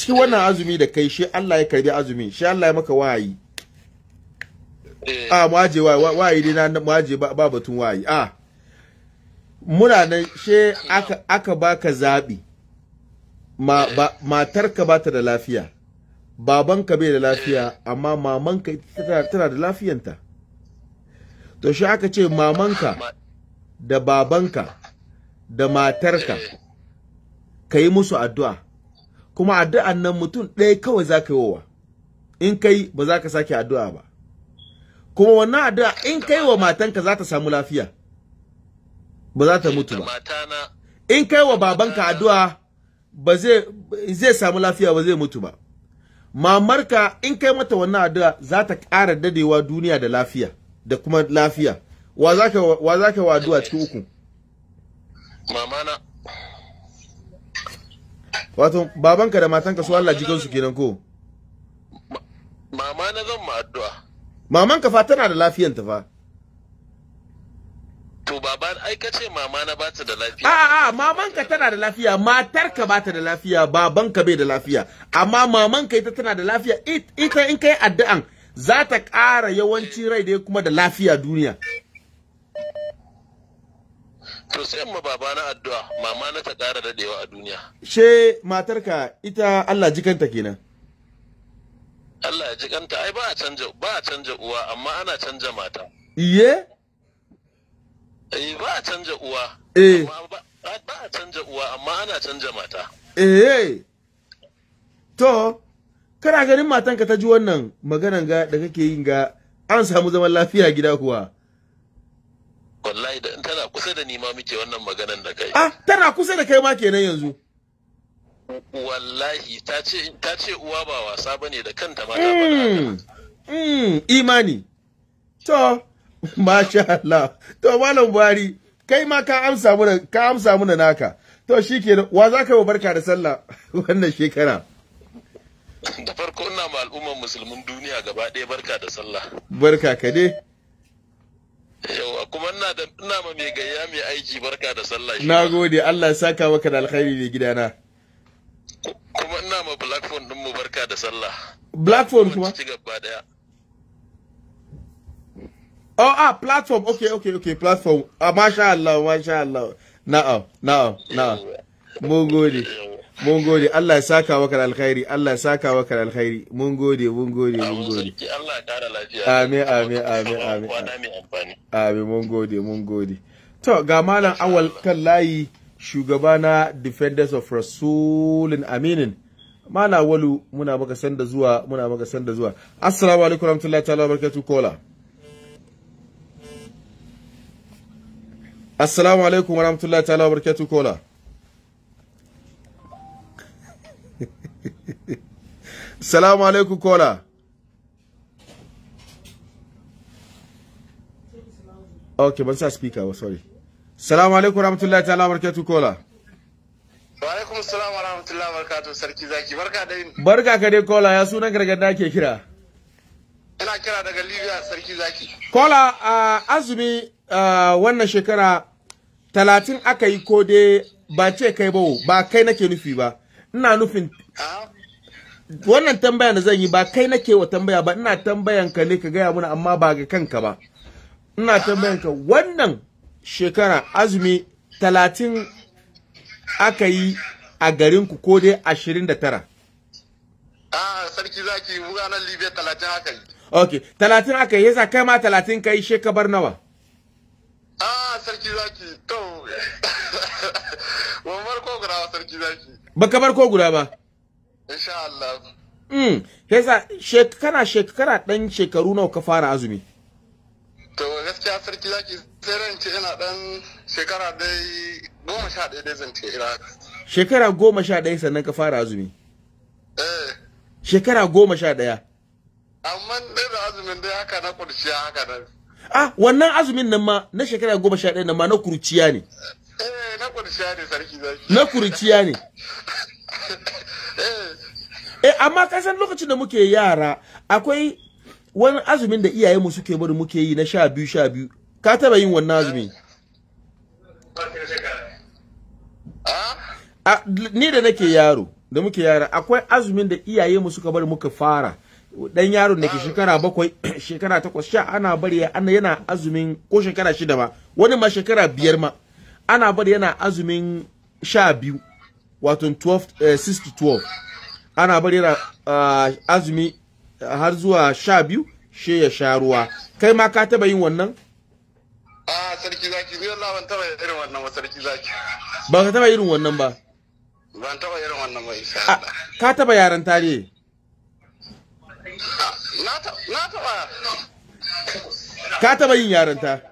cikin wannan azumi da kai shi Allah ya karbi azumi shi Allah ya maka wayi eh. a ah, mu wayi wayi dai na mu ba batun wayi a ah, muna nan shi aka aka baka zabi ma eh. matarka ba ta da lafiya babanka bai da eh. lafiya amma mamanka tana da lafiyanta to shi aka ce mamanka da babanka da matarka ka yi musu addu'a kuma addu'an nan mutum ɗaya kawai za ka yi wa in kai ba za ka sake addu'a ba kuma wannan addu'a in kai wa matanka za ta samu lafiya ba za ta mutu ba in kai wa babanka addu'a ba zai samu lafiya ba zai mutu ba mamarka in kai mata wannan addu'a za ta ƙara dadewa duniya da lafiya da kuma lafiya wa za ka wa addu'a cikin uku mamana wato babanka da matanka su Allah jikinsu kenan ko mama na zan ma addu'a mamanka fa tana da ta fa to baba ai ka ce mama na ba ta da lafiya a a mamanka tana da lafiya matarka ba ta da lafiya babanka bai da lafiya amma mamanka ita tana da lafiya ita in kai addu'an za ta ƙara yawanci rai da kuma da lafiya duniya to sai ma baba na addu'a mama na ta ƙara dadewa a duniya she matarka ita Allah jikanta kenan Allah ya jikanta ai ba a canja ba a canja uwa amma ana canja mata iye eh, ba a canja uwa eh ba a canja uwa amma ana canja mata eh to kana ganin matanka ta ji wannan maganan ga da kake yin ga an samu zaman lafiya gida kuwa wallahi da tana kusa da ni ma muke wannan maganar da kai ah tana kusa da kai ma kenan yanzu wallahi ta ce ta ce uwa ba wasa bane da kanta ma ta faɗa mm imani to masha Allah to malam Buhari kai ma ka amsa mana ka amsa mana naka to shikenan wa za ka barka da sallah wannan shekara da farko ina ma al'umman musulmin duniya gaba ɗaya barka da sallah barka ka dai yawa kuma ina da ina ma mai gayya mai aiki barka da sallah na gode Allah ya saka maka da alkhairi ne gidana kuma ina ma phone din mu barka da sallah phone kuma ci gaba daya oh ah platform okay okay okay platform ah masha Allah masha Allah na'am na'am na'am mu gode mun gode Allah ya saka maka da alkhairi Allah ya saka maka da alkhairi mun gode mun gode mun gode Allah ya kara lafiya amin amin amin amin amin mun gode mun gode to ga malam awal kan layi shugaba na defenders of rasulin aminin mana walu muna maka sanda zuwa muna maka sanda zuwa assalamu alaikum warahmatullahi ta'ala barakatuh kola assalamu alaikum warahmatullahi ta'ala barakatuh kola salamu alaikum kola ok ban sa speaker ba sorry salamu alaikum rahmatullahi ta'ala barkatu kola wa alaikum salam wa rahmatullahi barkatu sarki zaki barka da yin barka ka dai kola ya sunan gargada ke kira ina kira daga libya sarki zaki kola azumi wannan shekara talatin aka yi ko dai ba ce kai ba ba kai nake nufi ba ina nufin wannan tambaya da zan yi ba kai nake wa tambaya ba ina tambayan ka ne ka gaya mana amma ba ga kanka ba ina tambayan ka wannan shekara azumi talatin aka yi a garin ku ko dai ashirin da tara sarki zaki ranar libya talatin aka yi ok talatin aka yi yasa kai ma talatin ka yi shekabar nawa a sarki zaki to wamar gara sarki zaki baka bar ko guda ba insha Allah mm kaisa shekara shekara dan shekaru nawa ka fara azumi to gaskiya sarki zaki sai ran ce ina dan shekara dai goma sha ɗaya dai zance shekara goma sha ɗaya sannan ka fara azumi eh shekara goma sha ɗaya amma dai da azumin dai haka na kurciya haka nan ah wannan azumin nan ma na shekara goma sha ɗaya nan ma na kurciya ne eh Eh, na kurciya ne sarki eh. eh amma ka san lokacin da muke yara akwai wani azumin da iyayenmu suke bari muke yi na sha biyu sha biyu ka taba yin wannan azumi ah? ah, ni da nake yaro da muke yara akwai azumin da iyayenmu suka bari muka fara dan yaron da ke shekara bakwai shekara takwas sha ana bari ana yana azumin ko shekara shida ma wani ma shekara biyar ma ana bar yana azumin sha biyu wato 6 12 eh, ana bar yana ah, azumi har zuwa sha biyu she ya sha ruwa kai ma ka taba yin wannan a ah, sarki zaki ni Allah ban taba irin wannan ba sarki zaki ba ka taba irin wannan ba ban taba irin wannan ba isa ah, ka taba yaran tare na taba ka taba yin yaran tare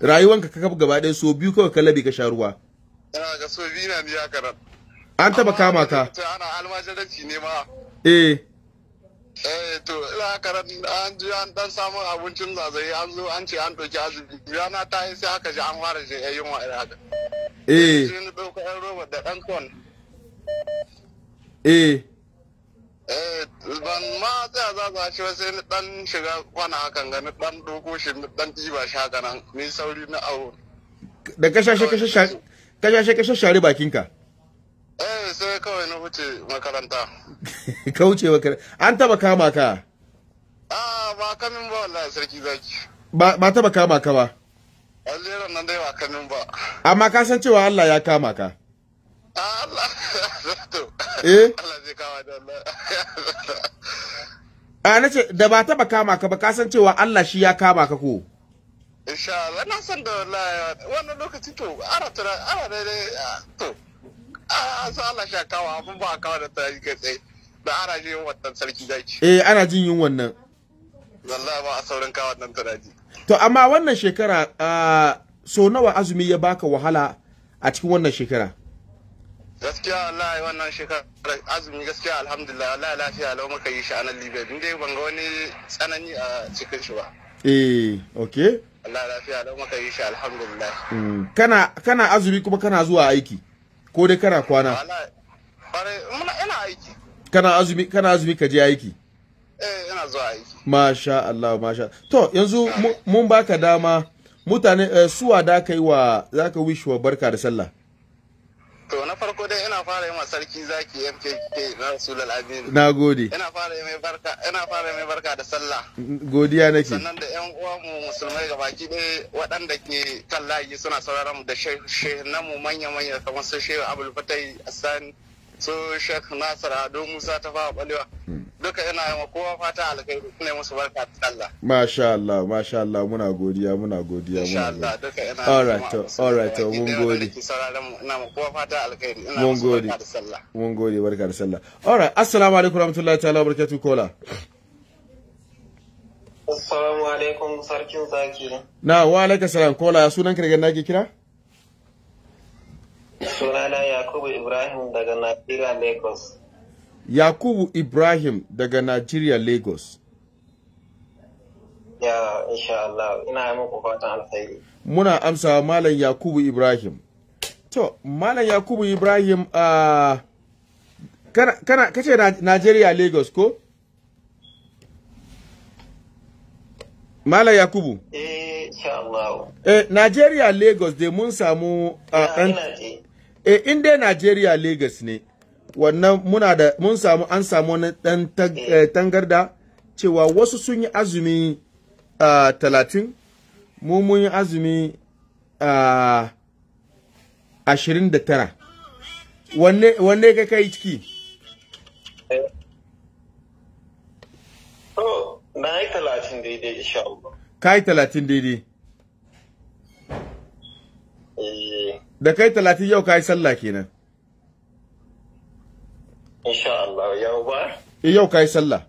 rayuwanka ka kafa gaba ɗaya so biyu kawai ka labi ka sha ruwa ina ga so biyu na ni ya karar an taba kama ka ana almajiranci ne ma eh eh to ina karar an ji an dan samun abincin zazai an zo an ce an ɗauki azumi rana ta yi sai aka ji an fara je ya yunwa ina ga eh sai ni ɗauka ɗan roba da ɗan kwan. eh Eh, ban ma tsaya za su ba sai ni dan shiga kwana hakan ga ni dan doko shi ni dan jiba shi haka nan ni sauri na awo da ka shi ka shashe bakin ka eh sai kawai na huce makaranta ka huce makaranta an taba kama ka ah ba kamin ba wallahi sarki zaki ba ba taba kama ka ba alheran nan dai ba kamin ba amma ka san cewa Allah ya kama ka Allah eh Allah zai kama da ce da ba taba kama ka ba ka san cewa Allah shi ya kama ka ko insha Allah na san da wallahi wannan lokaci to ara tara ara da to a san Allah shi ya kama abun ba kama da tarihi kai tsaye da ara ji yin wannan sarki zaki eh ana jin yin wannan wallahi ba a saurin kawo wannan taraji to amma wannan shekara so nawa azumi ya baka wahala a cikin wannan shekara gaskiya wallahi wannan shekarar azumi gaskiya alhamdulillah wallahi lafiya lau muka yi shi a nan libya din dai ban ga wani tsanani a cikin shi ba eh okay wallahi lafiya lau muka yi shi alhamdulillah hmm. kana kana azumi kuma kana zuwa aiki ko dai kana kwana ina aiki kana azumi kana azumi ka je aiki eh ina zuwa aiki masha Allah masha to yanzu mun baka dama mutane eh, suwa da kai wa zaka wishwa wa barka da sallah to na farko ina fara yi ma sarki zaki MKK na Rasulul Amin. Na gode. Ina fara yi mai barka, ina fara yi mai barka da sallah. Godiya nake. Sannan da ƴan mu musulmai ga baki ɗaya waɗanda ke kan layi suna sauraron mu da shehunan mu manya-manya kamar su Shehu Abdul Fatai Asani. su Sheikh Nasir Ado Musa ta fara balewa. Hmm. Duka yana yi kowa fata alkhairi ne musu barka da Allah. Masha Allah, masha Allah muna godiya muna godiya muna godiya. duka ina All right, all right, mun gode. Ina ma kowa fata alkhairi ina musu barka da sallah. Mun gode barka da sallah. All right, assalamu alaikum warahmatullahi ta'ala barakatuh kola. Assalamu alaikum sarkin zaki. Na wa alaikum salam kola sunan kirgan nake kira? Sunana Yakubu Ibrahim daga Nigeria Lagos. Yakubu Ibrahim daga Nigeria Lagos. Ya, insha Allah, ina muku fatan alkhairi. Muna amsa Malam Yakubu Ibrahim. To, Malam Yakubu Ibrahim a kana kace Nigeria Lagos ko? Malam Yakubu. Eh, insha Allah. Eh, Nigeria Lagos dai mun samu a e in dai Najeriya Lagos ne wannan muna da mun samu an samu wani dan eh. eh, tangarda cewa wasu sun yi azumi uh, talatin mu mun yi azumi ah, ashirin da tara wanne ka kai ciki na yi talatin daidai insha ka yi talatin daidai da kai talatin yau yi sallah kenan insha Allah eh, yau ba yau yi sallah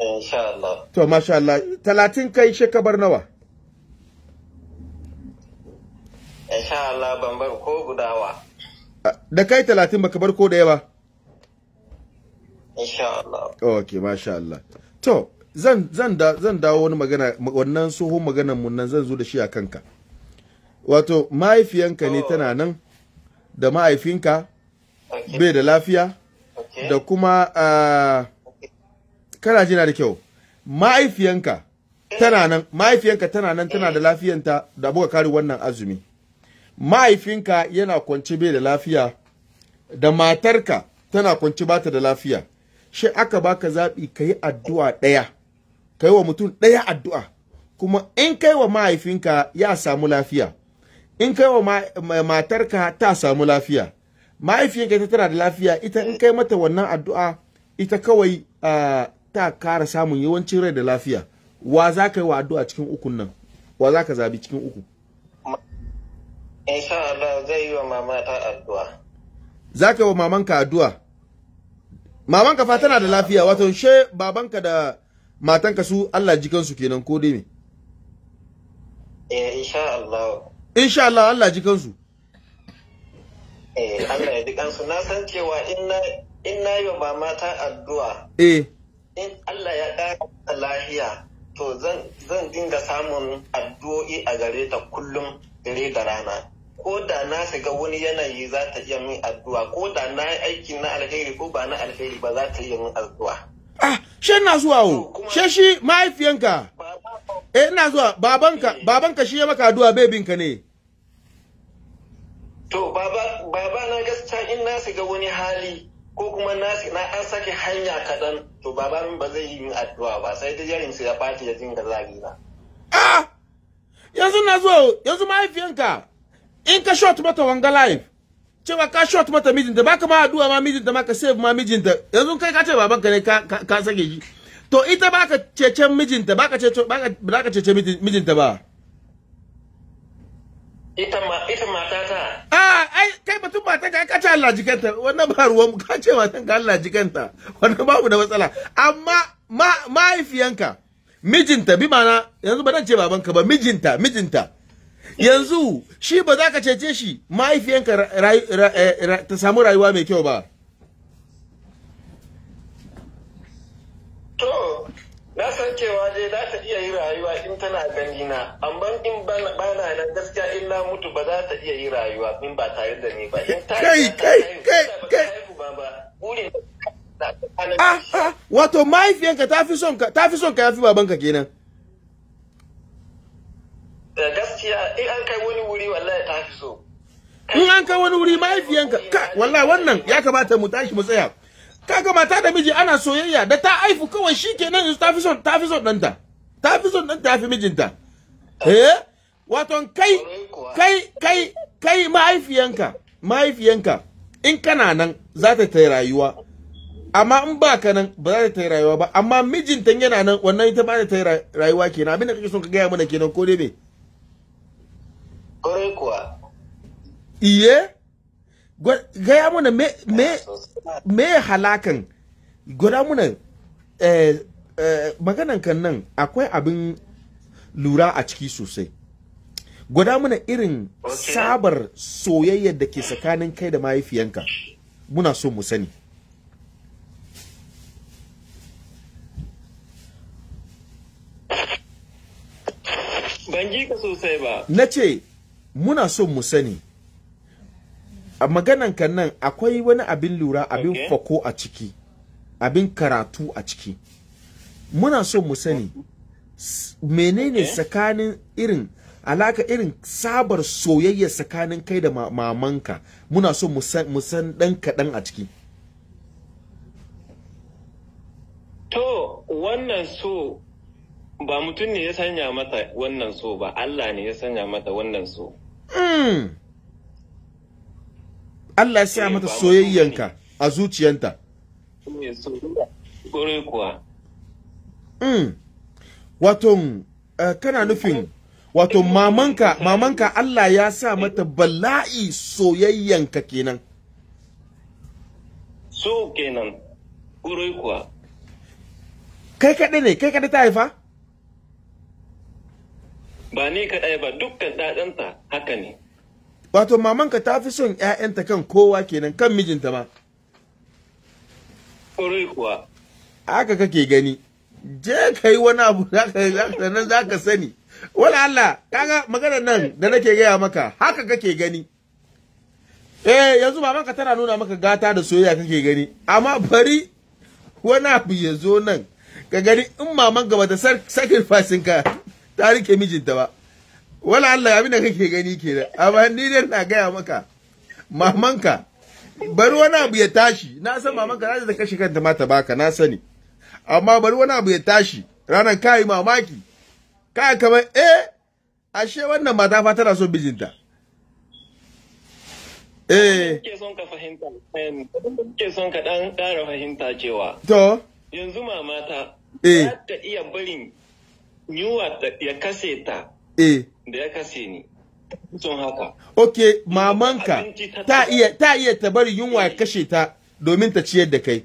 insha Allah to masha Allah talatin kai shekabar nawa insha Allah ban bar ko gudawa da kai talatin baka bar ko daya ba insha Allah Ok, masha Allah to zan zan da zan dawo wani magana wannan tsohon maganan mun nan zan zo da shi a kanka wato mahaifiyanka ne tana oh. nan da mahaifinka bai da lafiya da kuma ah, kana jina da kyau mahaifiyanka tana eh. nan mahaifiyanka tana nan tana da eh. lafiyanta da buga kari wannan azumi mahaifinka yana kwance bai da lafiya da matarka tana kwance bata da lafiya shi aka baka zaɓi ka yi addu'a ɗaya ka yi wa mutum ɗaya addu'a kuma in kai wa mahaifinka ya samu lafiya in kai wa matarka ta samu lafiya mahaifiyanka ta tana da lafiya ita in kai mata wannan addu'a ita kawai ta kara samun yawancin rai da lafiya wa za ka yi wa addu'a cikin ukun nan wa za ka zabi cikin uku insha Allah zai yi wa mamata addu'a za ka yi wa mamanka addu'a mamanka fa tana da lafiya wato she babanka da matanka su Allah jikansu kenan ko dai me eh insha Allah insha Allah Allah ji kansu eh Allah ya ji kansu na san cewa in na in na yi wa addu'a eh in Allah ya ƙara lafiya to zan zan dinga samun addu'o'i a gare ta kullum dare da rana ko da na shiga wani yanayi za ta iya min addu'a ko da na yi aiki na alheri ko ba na alheri ba za ta iya min addu'a ah she na zuwa o she shi mahaifiyanka eh ina zuwa babanka babanka shi ya maka addu'a bebinka ne to baba baba na gaskiya in na shiga wani hali ko kuma na na an sake hanya kadan to baba min ba zai yi min addu'a ba sai da jarin sai ya fati ya dinga zagi na ah yanzu na zo yanzu mahaifiyanka in ka shot mata wanga live cewa ka short mata mijinta baka ma addu'a ma mijinta ma ka save ma mijinta yanzu kai ka ce babanka ne ka ka sake shi to ita baka cecen mijinta baka cece baka baka cece mijinta ba ita ma ita matata ah ai kai batun mata ka ka ce Allah jikanta wannan ba ruwan ka ce matan ka Allah jikanta wannan babu da matsala amma ma mahaifiyanka mijinta bi mana yanzu ba dan ce babanka ba mijinta mijinta yanzu shi ba za ka cece shi mahaifiyanka eh, ta samu rayuwa mai kyau ba na san cewa dai za ta iya yi rayuwa in tana ganina, amma in ba na nan gaskiya in na mutu ba za ta iya yi rayuwa in ba tare da ni ba Kai, kai, kai kai kai kai ah, ah, wato mahaifiyanka ta fi son ka yafi babanka kenan da gaskiya in an kai wani wuri wallahi ta fi so in an kai wani wuri mahaifiyanka ka wallahi wannan ya kamata mu tashi mu tsaya kaga mata da miji ana soyayya da ta haifu kawai shikenan ta fi son ta fi son danta ta fi son danta ta fi mijinta eh wato kai kai kai kai mahaifiyanka mahaifiyanka in kana nan za ta ta rayuwa amma in ba ka nan ba za ta ta rayuwa ba amma mijinta yana nan wannan ita ba ta ta rayuwa kenan abin da kake son ka gaya mana kenan ko dai me Kwarai kuwa. Iye? Gaya muna me, ah, me, halakan gwada muna eh, eh, maganan kan nan akwai abin lura a ciki sosai. Gwada muna irin sabar soyayyar da ke tsakanin kai da mahaifiyanka. Muna so mu sani. Ban ji ka sosai ba. Na ce, muna so mu sani a maganan kan nan akwai wani abin lura abin okay. fako a ciki abin karatu a ciki muna so mu sani menene tsakanin irin alaka irin sabar soyayya tsakanin kai da mamanka muna so mu san dan kaɗan a ciki to wannan so ba mutum ne ya sanya mata wannan so ba Allah ne ya sanya mata wannan so Hmm. Allah ya sa mata eh, soyayyanka a zuciyanta. Hmm. wato eh, kana nufin wato mamanka mamanka Allah ya sa mata bala'i soyayyanka kenan. So kenan, kurai kuwa. Kai kaɗai ne, kai kaɗai ta haifa? ba ni kaɗai ba dukkan ɗaɗanta haka ne. Wato mamanka ta fi son ‘ya'yanta kan kowa kenan kan mijinta ma. Kuri kuwa. Haka kake gani, je ka yi wani abu nan za ka sani. Wala Allah, kaga magana nan da nake gaya maka, haka kake gani. Eh, yanzu mamanka tana nuna maka gata da soyayya kake gani, amma bari wani abu ya zo nan, ka gani in mamanka ba ta sacrifice ka. ta rike mijinta ba wala Allah abin da kake gani kenan amma ni ne na gaya maka mamanka bari wani abu ya tashi na san mamanka za ta kashe kanta ma ta baka na sani amma bari wani abu ya tashi ranar kai mamaki ka kama eh ashe wannan mata fa tana son bijinta eh ke son ka fahimta ke son ka dan ƙara fahimta cewa to yanzu mamata ta eh. ta iya barin yiwa ya kase ta eh da ya kase ni sun haka okay mamanka ta iya ta iya ta bari yunwa ya kashe ta domin ta ciyar da kai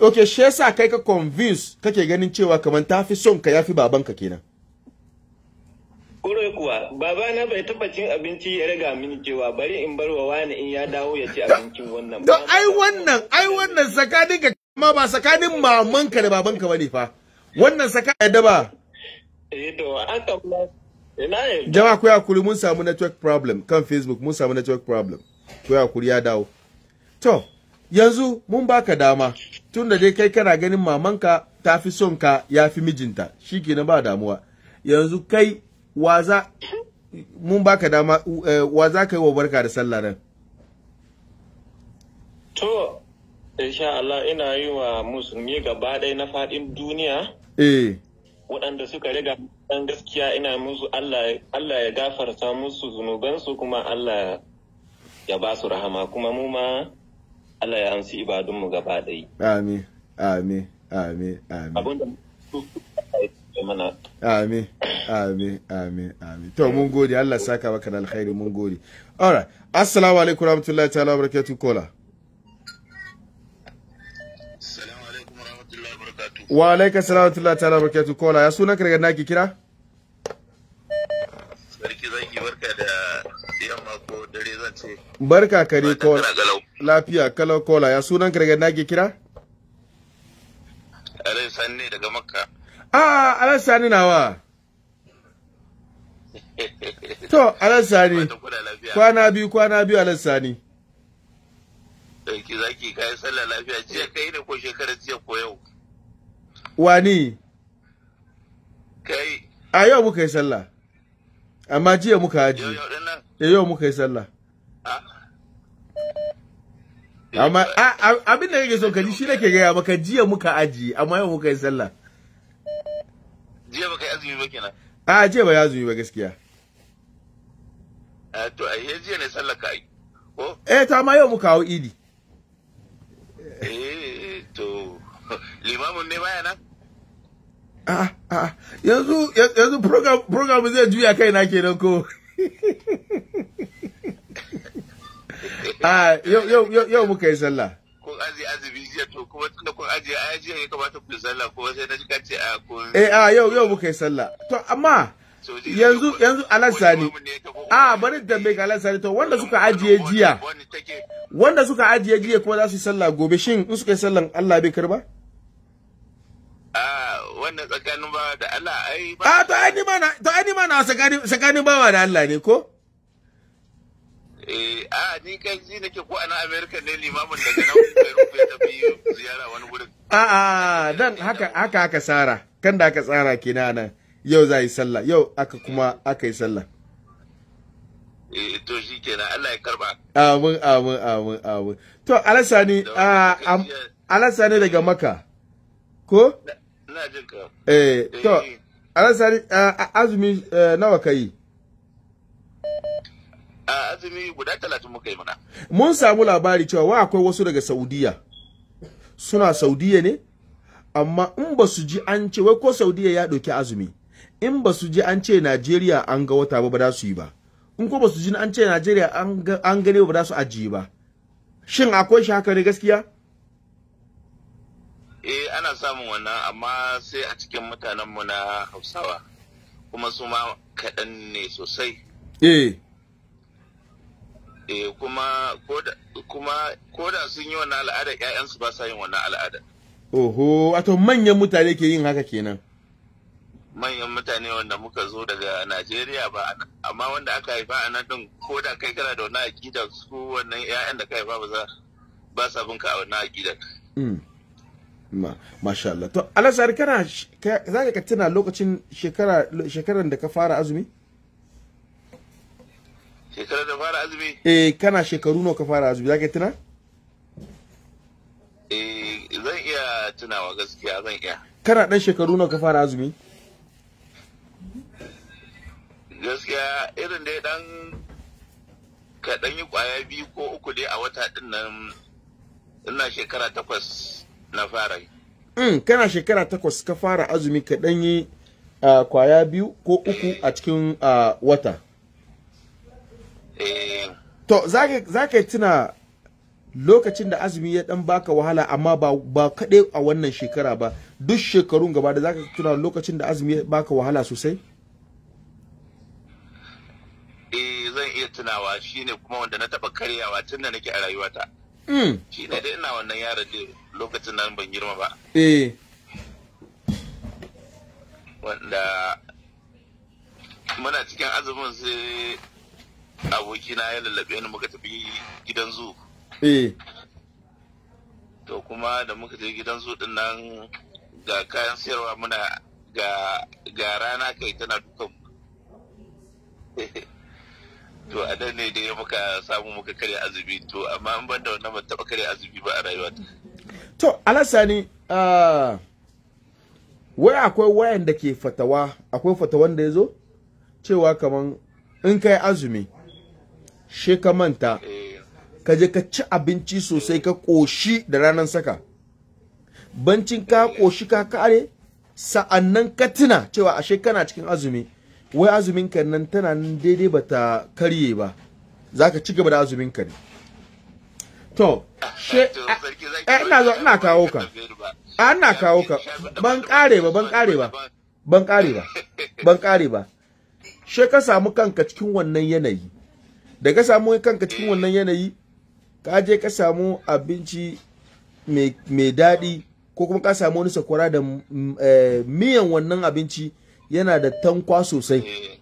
Okay, shi yasa kai ka convince kake ganin cewa kamar ta fi son ka yafi babanka kenan. Kure kuwa, babana bai taɓa cin abinci ya raga mini cewa bari in bar wa wani in ya dawo ya ci abincin wannan. Don ai wannan, ai wannan tsakanin ka ma ba tsakanin mamanka da babanka bane fa. wannan saka ya daba eh, jama'a kuya hakuri mun samu network problem kan facebook mun samu network problem kuya hakuri ya dawo to yanzu mun baka dama tun da dai kai kana ganin mamanka ta fi son ka ya fi mijinta shikenan ba damuwa yanzu kai waza mun baka dama eh, wa ka yi wa barka da sallah nan to insha Allah ina yi wa musulmi gaba ɗaya na faɗin duniya Eh. waɗanda suka riga ɗan gaskiya ina musu Allah ya gafarta musu zunubansu kuma Allah ya ba su rahama kuma mu ma Allah ya amsi ibadunmu gaba ɗai. Ami, ami, ami, ami. ami ami ami ami To mun gode Allah saka maka da alkhairi mun gode. all right assalamu alaikum warahmatullahi ta'ala wa barakatuh kola. wa alaika salamatullahi ta'ala barakatuh kola ya sunan kirgan naki kira sarki yi barka da yamma ko dare zan ce barka kare kola lafiya kala kola ya sunan kirgan naki kira alai sanne daga makka a ah, alai sanne nawa to alai sanne kwana biyu kwana biyu alai sanne sarki zaki kai sallah lafiya jiya kai ne ko shekarar jiya ko yau wani kai a yau muka yi sallah amma jiya muka haji ya eh, yau muka yi sallah ah. amma abin da kake so ka ji shi nake gaya maka jiya muka aji amma yau muka yi sallah jiya baka yi azumi ba kenan a jiya ba ya azumi ba gaskiya a eh, to a yi eh, jiya ne sallah ka yi ko eh ta ma yau muka hau idi eh to limamun ne baya nan yanzu yanzu zai juya kai na kenan ko yau muka sallah yau yau sallah to amma yanzu yanzu alasani bari da mai alasani to wanda suka ajiye jiya ko suka ajiye za su yi sallah gobe shin in suka yi sallan Allah bai karba wannan tsakanin bawa da Allah ai ba. A to ai ni ma na to ai ni ma na tsakanin bawa da Allah ne ko? Eh a ni kan ji nake ko ana America ne limamin daga nan ko bai tafi ziyara wani wurin. A a dan haka haka aka tsara kan da aka tsara kina nan yau za yi sallah yau aka kuma aka yi sallah. Eh to shi kenan Allah ya karba. Amin amin amin amin. To Alasani a Alasani daga Makka. ko na jin ka eh to eh. alasari azumi eh, nawa yi? azumi guda talatin muka yi muna mun samu labari cewa wa akwai wasu daga saudiya suna saudiya ne amma in ba su ji an ce wai ko saudiya ya ɗauki azumi in ba su ji an ce najeriya an ga wata ba ba za su yi ba in ko ba su ji an ce najeriya an gane ba za su ajiye ba shin akwai shi haka ne gaskiya ana samun wannan amma sai a cikin mutanenmu na hausawa kuma su ma kaɗan ne sosai eh eh kuma kuma koda sun yi wannan al'ada ƴaƴansu ba sa yin wannan al'ada oho wato manyan mutane ke yin haka kenan manyan mutane wanda muka zo daga Najeriya ba amma wanda aka haifa a nan din ko da kai kana da wannan aqida su wannan ƴaƴan da ka haifa ba za ba sa binka a wannan aqidar mm. masha Allah to alasar kana za ka tuna lokacin shekaran da ka fara azumi shekarar da fara azumi eh kana shekaru nawa ka fara azumi za ka tuna eh zan iya tunawa gaskiya zan iya kana ɗan shekaru nawa ka fara azumi gaskiya irin dai ɗan ka ɗan yi kwaya biyu ko uku dai a wata ɗin nan ina shekara takwas na fara yi mm, kana shekara takwas ka fara azumi ka ɗanyi uh, ah, kwaya biyu ko uku a cikin uh, wata eh. to za ka tuna lokacin da azumi ya dan baka wahala amma ba ba kaɗai a wannan shekara ba duk shekarun gaba da za ka tuna lokacin da azumi ya baka wahala sosai eh zan iya tunawa shine kuma wanda na taɓa karyawa tun da nake a rayuwata Mm. shi ne dai ina wannan yaron lokacin nan ban girma ba eh wanda muna cikin azumin sai abokina ya lallabe ni muka tafi gidan zu eh to kuma da muka je gidan zu din nan ga kayan siyarwa muna ga rana kai tana dukan to a nan ne da muka samu muka karya azumi to amma an ban wannan ba taɓa karya azumi ba a rayuwa to alasani ah, wai akwai wayan da ke fatawa akwai fatawan da ya zo cewa kaman in kai azumi she ka manta eh. ka je ka ci abinci sosai ka koshi da ranar saka bancin ka koshi ka kare sa'annan ka tuna cewa ashe kana cikin azumi wai azumin nan tana daidai bata karye ba ka ci gaba da azumin ka ne to she ina zo ina kawo ka ina kawo ka ban kare ba ban kare ba ban kare ba ban kare ba she ka samu kanka cikin wannan yanayi da ka samu kanka cikin wannan yanayi ka je ka samu abinci mai daɗi ko kuma ka samu wani sakwara da mm, eh, miyan wannan abinci yana da tankwa sosai eh.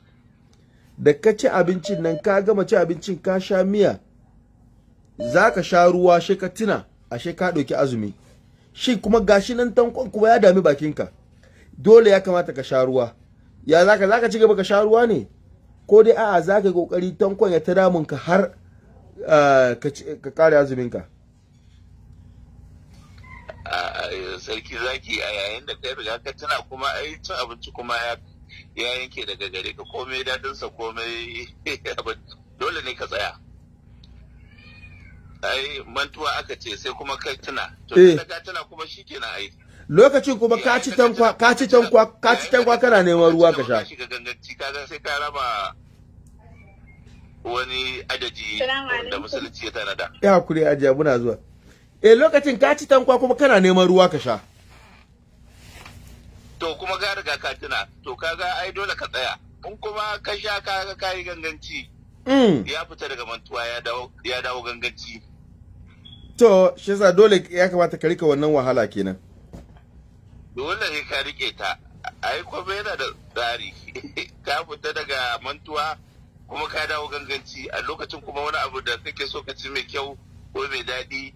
da ka ci abincin nan ka gama ci abincin ka sha miya za ka sha ruwa shi ka tuna ashe ka ɗauki azumi shi kuma gashi nan tankon kuma ya dami bakinka dole ya kamata ka sha ruwa ya za za ka ci gaba ka sha ruwa ne ko dai a'a zaka yi kokari tankon ya ta damun ah, ka har ka kare azuminka. ka Eh, sarki zaki a yayin da kai riga ka tana kuma ai cin abinci kuma ya yanke daga gare ka komai dadin sa komai dole ne ka tsaya ai mantuwa aka ce sai kuma ka tuna to eh. ka tuna kuma shikenan ai lokacin kuma ka ci tankwa ka ci tankwa ka ci tankwa kana neman ruwa ka sha shiga ganganci ga sai ka raba wani adadi da musulunci ya tanada ya kure ajiya muna zuwa eh lokacin ka ci tankwa kuma kana neman ruwa ka sha to kuma ga riga ka tuna to kaga ai dole ka tsaya in kuma ka sha ka ka yi ganganci mm. ya fita daga mantuwa ya dawo ya dawo ganganci to shi yasa dole ya kamata ka rika wannan wahala kenan dole ne ka rike ta ai kuma yana da tsari ka fita daga mantuwa kuma ka dawo ganganci a lokacin kuma wani abu da kake so ka ci mai kyau ko mai daɗi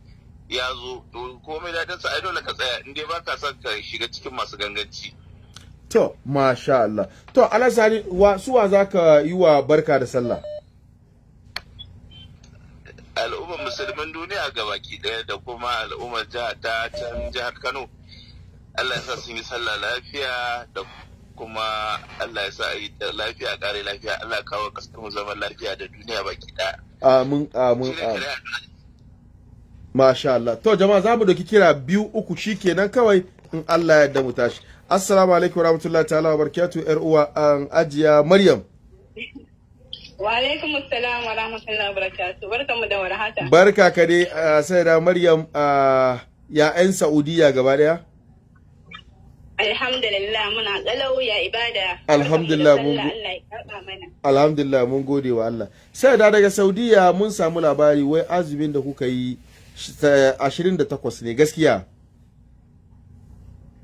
ya zo to komai daɗin sa ai dole ka tsaya in dai baka son ka shiga cikin masu ganganci to masha Allah to alasani wa suwa zaka yi wa barka da sallah al'ummar musulman duniya gabaki ɗaya da kuma al'ummar jihar ta can jihar Kano Allah ya sa sun yi sallah lafiya da kuma Allah ya sa ayi yi lafiya kare lafiya Allah ya kawo kasar zaman lafiya da duniya baki ɗaya amin amin amin Masha Allah. To jama'a za mu doki kira biyu uku shi kenan kawai in Allah ya yarda mu tashi. Assalamu alaikum rahmatullahi ta'ala wa barakatu yar uwa an um, ajiya Maryam. Wa alaikum assalam wa rahmatullahi wa da warhaka. Barka ka dai uh, Sayyida Maryam uh, ya 'yan Saudiya gaba daya. Alhamdulillah muna galau ya ibada. Alhamdulillah mun Alhamdulillah mun gode wa Allah. Sai da daga Saudiya mun samu labari wai azumin da kuka yi 28 ne gaskiya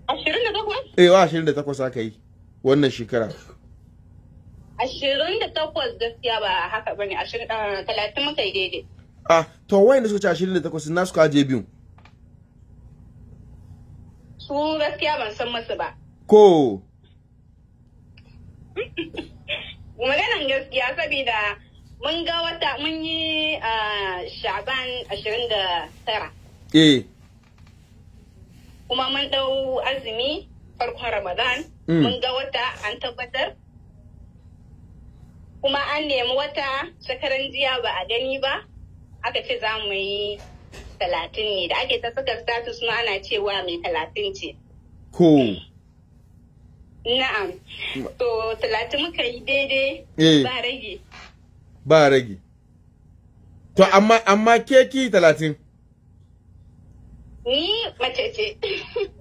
28 eh wa 28 aka yi wannan shekara 28 gaskiya ba haka bane 30 ah, muka yi daidai. Ah, to wayan da suka ce 28 da takwas na suka biyu. Su gaskiya ban san masu ba. Ko. magana gaskiya sabida mun ga wata mun yi sha'ban ashirin da tara. Eh. Kuma mun dau azumi farkon Ramadan. Mm. Mun ga wata an tabbatar. Kuma an nemi wata shekaran jiya ba a gani ba. Aka ce za mu yi talatin ne da ake ta saka status na ana cewa mai talatin ce. Ko. Na'am. To talatin muka yi daidai eh. ba rage. ba rage to amma amma keki talatin ni mace ce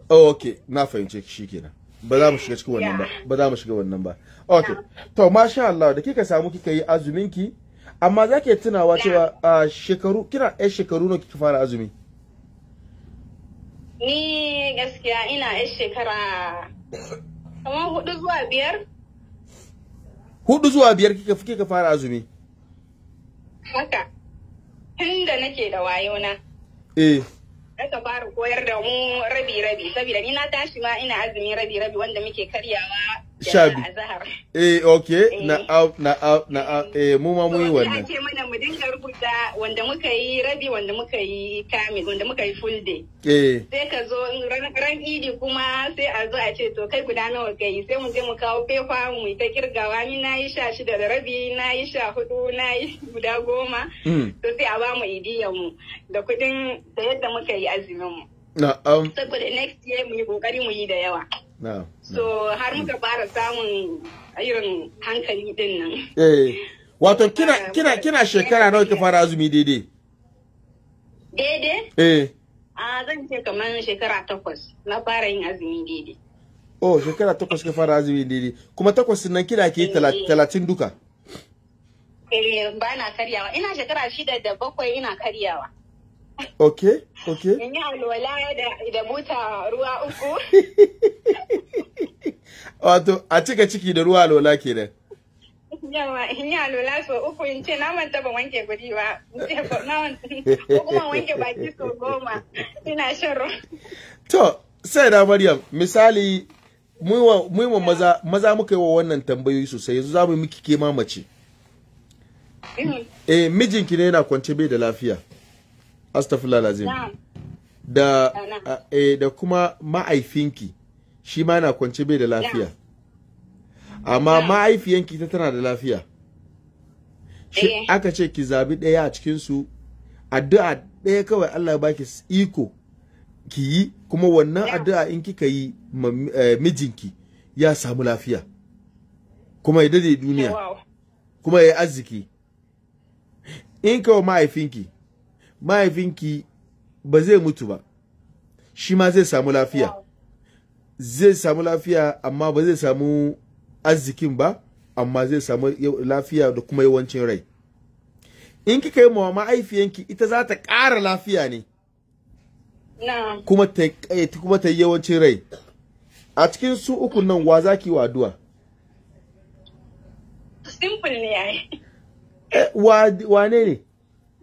oh, ok na fahimce shi kenan ba za mu shiga cikin wannan ba ba za mu shiga wannan ba ok to masha Allah da kika samu kika yi azumin ki amma za ke tunawa cewa a shekaru kina ƴan shekaru nawa kika fara azumi ni gaskiya ina ƴan shekara kamar hudu zuwa biyar hudu zuwa biyar kika fara azumi haka tun da nake da wayona eh aka fara koyar da mu rabi rabi saboda ni na tashi ma ina azumin rabi rabi wanda muke karyawa Shabi. eh okay eh. na out na out na out eh, eh mu ma mu yi wannan ake mana mu dinga rubuta wanda muka yi rabi wanda muka yi kamil wanda muka yi full day eh sai ka zo ran idi kuma sai a zo a ce to kai guda nawa kai sai mu je mu kawo pefa mu ta kirgawa ni nayi sha shida da rabi nayi sha hudu nayi guda goma hmm. to sai a ba mu idiyan mu da kudin da yadda muka yi azumin mu na'am um, saboda next year mu yi kokari mu yi da yawa so har muka fara samun irin hankali din nan eh wato kina kina kina shekara nawa ki fara azumi daidai daidai eh Ah, zan ce kamar shekara takwas na fara yin azumi daidai oh shekara takwas ka fara azumi daidai kuma takwas nan kina ke eh. talatin duka eh ba na karyawa ina shekara shida da bakwai ina karyawa ok ok in yi alwala da buta ruwa uku wato a cika ciki da ruwa alwala kenan yawa in yi alwala so uku in ce na manta ban wanke guri ba ko kuma wanke baki so goma ina shan ruwa to sai da maryam misali muwa maza maza muka yi wa wannan tambayoyi sosai yanzu za mu miki kema mace mm. eh mijinki ne yana kwance bai da lafiya astaghfirullah lazim da e, da kuma ma'aifinki shi ma na kwance bai da lafiya amma ma'aifiyanki ta tana da lafiya shi eh. aka ce ki zabi ɗaya a cikinsu addu'a ɗaya kawai Allah ya baki iko ki yi kuma wannan addu'a in kika yi eh, mijinki ya samu lafiya kuma ya dade duniya kuma ya arziki in kawai ma'aifinki mahaifinki ba zai mutu ba shi ma zai samu lafiya zai samu lafiya amma ba zai samu arzikin ba amma zai samu lafiya da kuma yawancin rai in kika yi mawa mahaifiyarki ita za ta ƙara lafiya ne eh, kuma ta yi yawancin rai a cikin su uku nan wa za ki wa simple ne eh, wa ne ne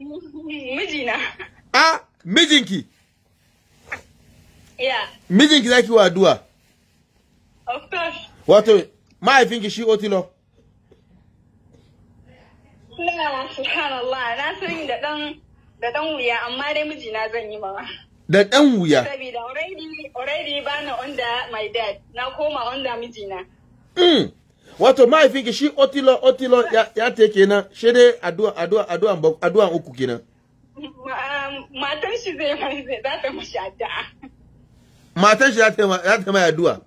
mm. mijina a mijinki yeah mijinki zaki wa dua. of course wato mahaifinki shi otilo na na na san da na na na wuya amma na mijina zan yi na da ɗan wuya. na na na ba na onda na dad, na koma onda mijina. na hmm. Wato na shi otilo na ya, na na na na na na na na uku na matan shi zai mai za ta mashi addu'a matan shi za ta mai addu'a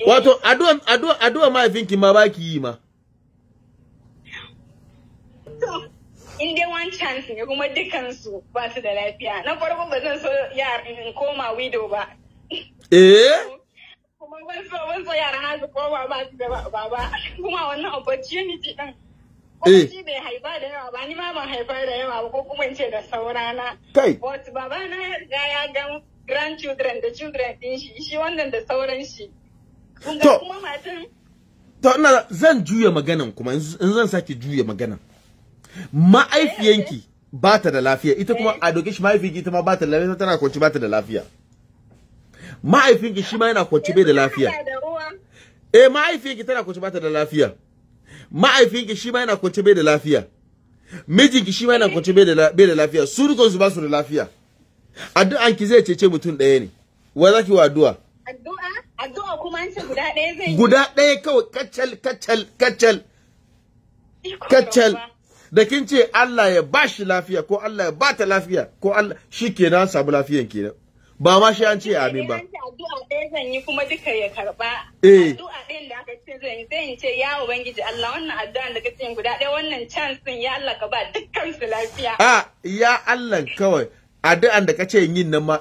eh. wato addu'a addu'a addu'a mahaifinki ma ki yi ma in dai one chance ne kuma dukansu ba su da lafiya na farko ba zan so yaran koma widow ba eh kuma ban so ban so yaran su koma ba su da baba kuma wannan opportunity din e. Eh. shi bai haifa da yawa ba ni ma ban haifa da yawa ba ko kuma in ce da saurana kai but baba na ya riga ya ga grandchildren da children din shi shi wannan da sauran shi kuma matan to ina zan juya maganan kuma in zan sake juya maganan ma'aifiyanki eh, eh, ba ta da lafiya ita kuma a doke shi ita ma ba ta da lafiya tana kwanci ba ta da lafiya ma'aifinki shi ma yana kwanci bai da lafiya eh ma'aifinki tana kwanci ba ta da lafiya ma'aifinki shi ma yana kwance bai da lafiya mijinki shi ma yana kwance bai da lafiya su dukan su ba su da lafiya addu'an ki zai cece mutum ɗaya ne wa zaki wa addu'a addu'a addu'a kuma an ce guda ɗaya zai guda ɗaya kawai kacal kacal kacal kacal da kin ce Allah ya ba shi lafiya ko Allah ya ba ta lafiya ko Allah shi kenan samu lafiyan kenan ba ma shi an ce amin ba addu'a ɗaya zan yi kuma duka ya karba eh. addu'a ɗayan da aka ce zan yi zan ce ya ubangiji Allah wannan addu'a da kace guda ɗaya wannan chance ya Allah ka ba dukkan su lafiya a ya Allah kawai addu'an da kace yin nan ma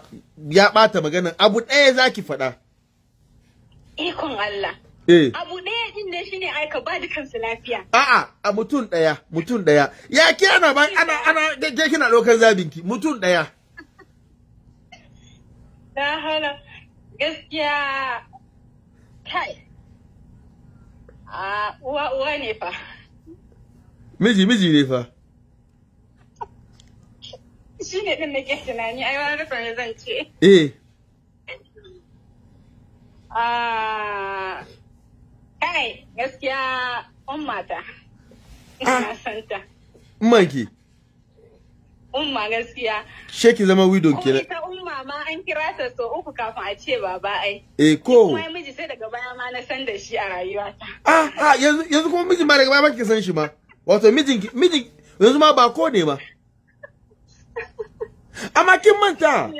ya ɓata maganan abu ɗaya za ki faɗa ikon Allah eh. abu ɗaya din ne shine ai ka ba dukkan su lafiya a'a a mutum ɗaya mutum ɗaya ya ke ana ba ana ana ke kina ɗaukar zabinki mutum ɗaya don hana gaskiya kai a uwa uwa ne fa miji ne fa shi ne ɗin nake tunani ai wani zan ce eh kai gaskiya ina ah. santa umma gaskiya she ki zama widow ne ita umma ma an kira ta so uku kafin a ce baba ai eh ko kuma miji sai daga baya ma na san da shi a rayuwata ah ah yanzu yanzu kuma miji ma daga baya ma ki san shi ma wato mijin miji yanzu ma ba ko ne ma amma kin manta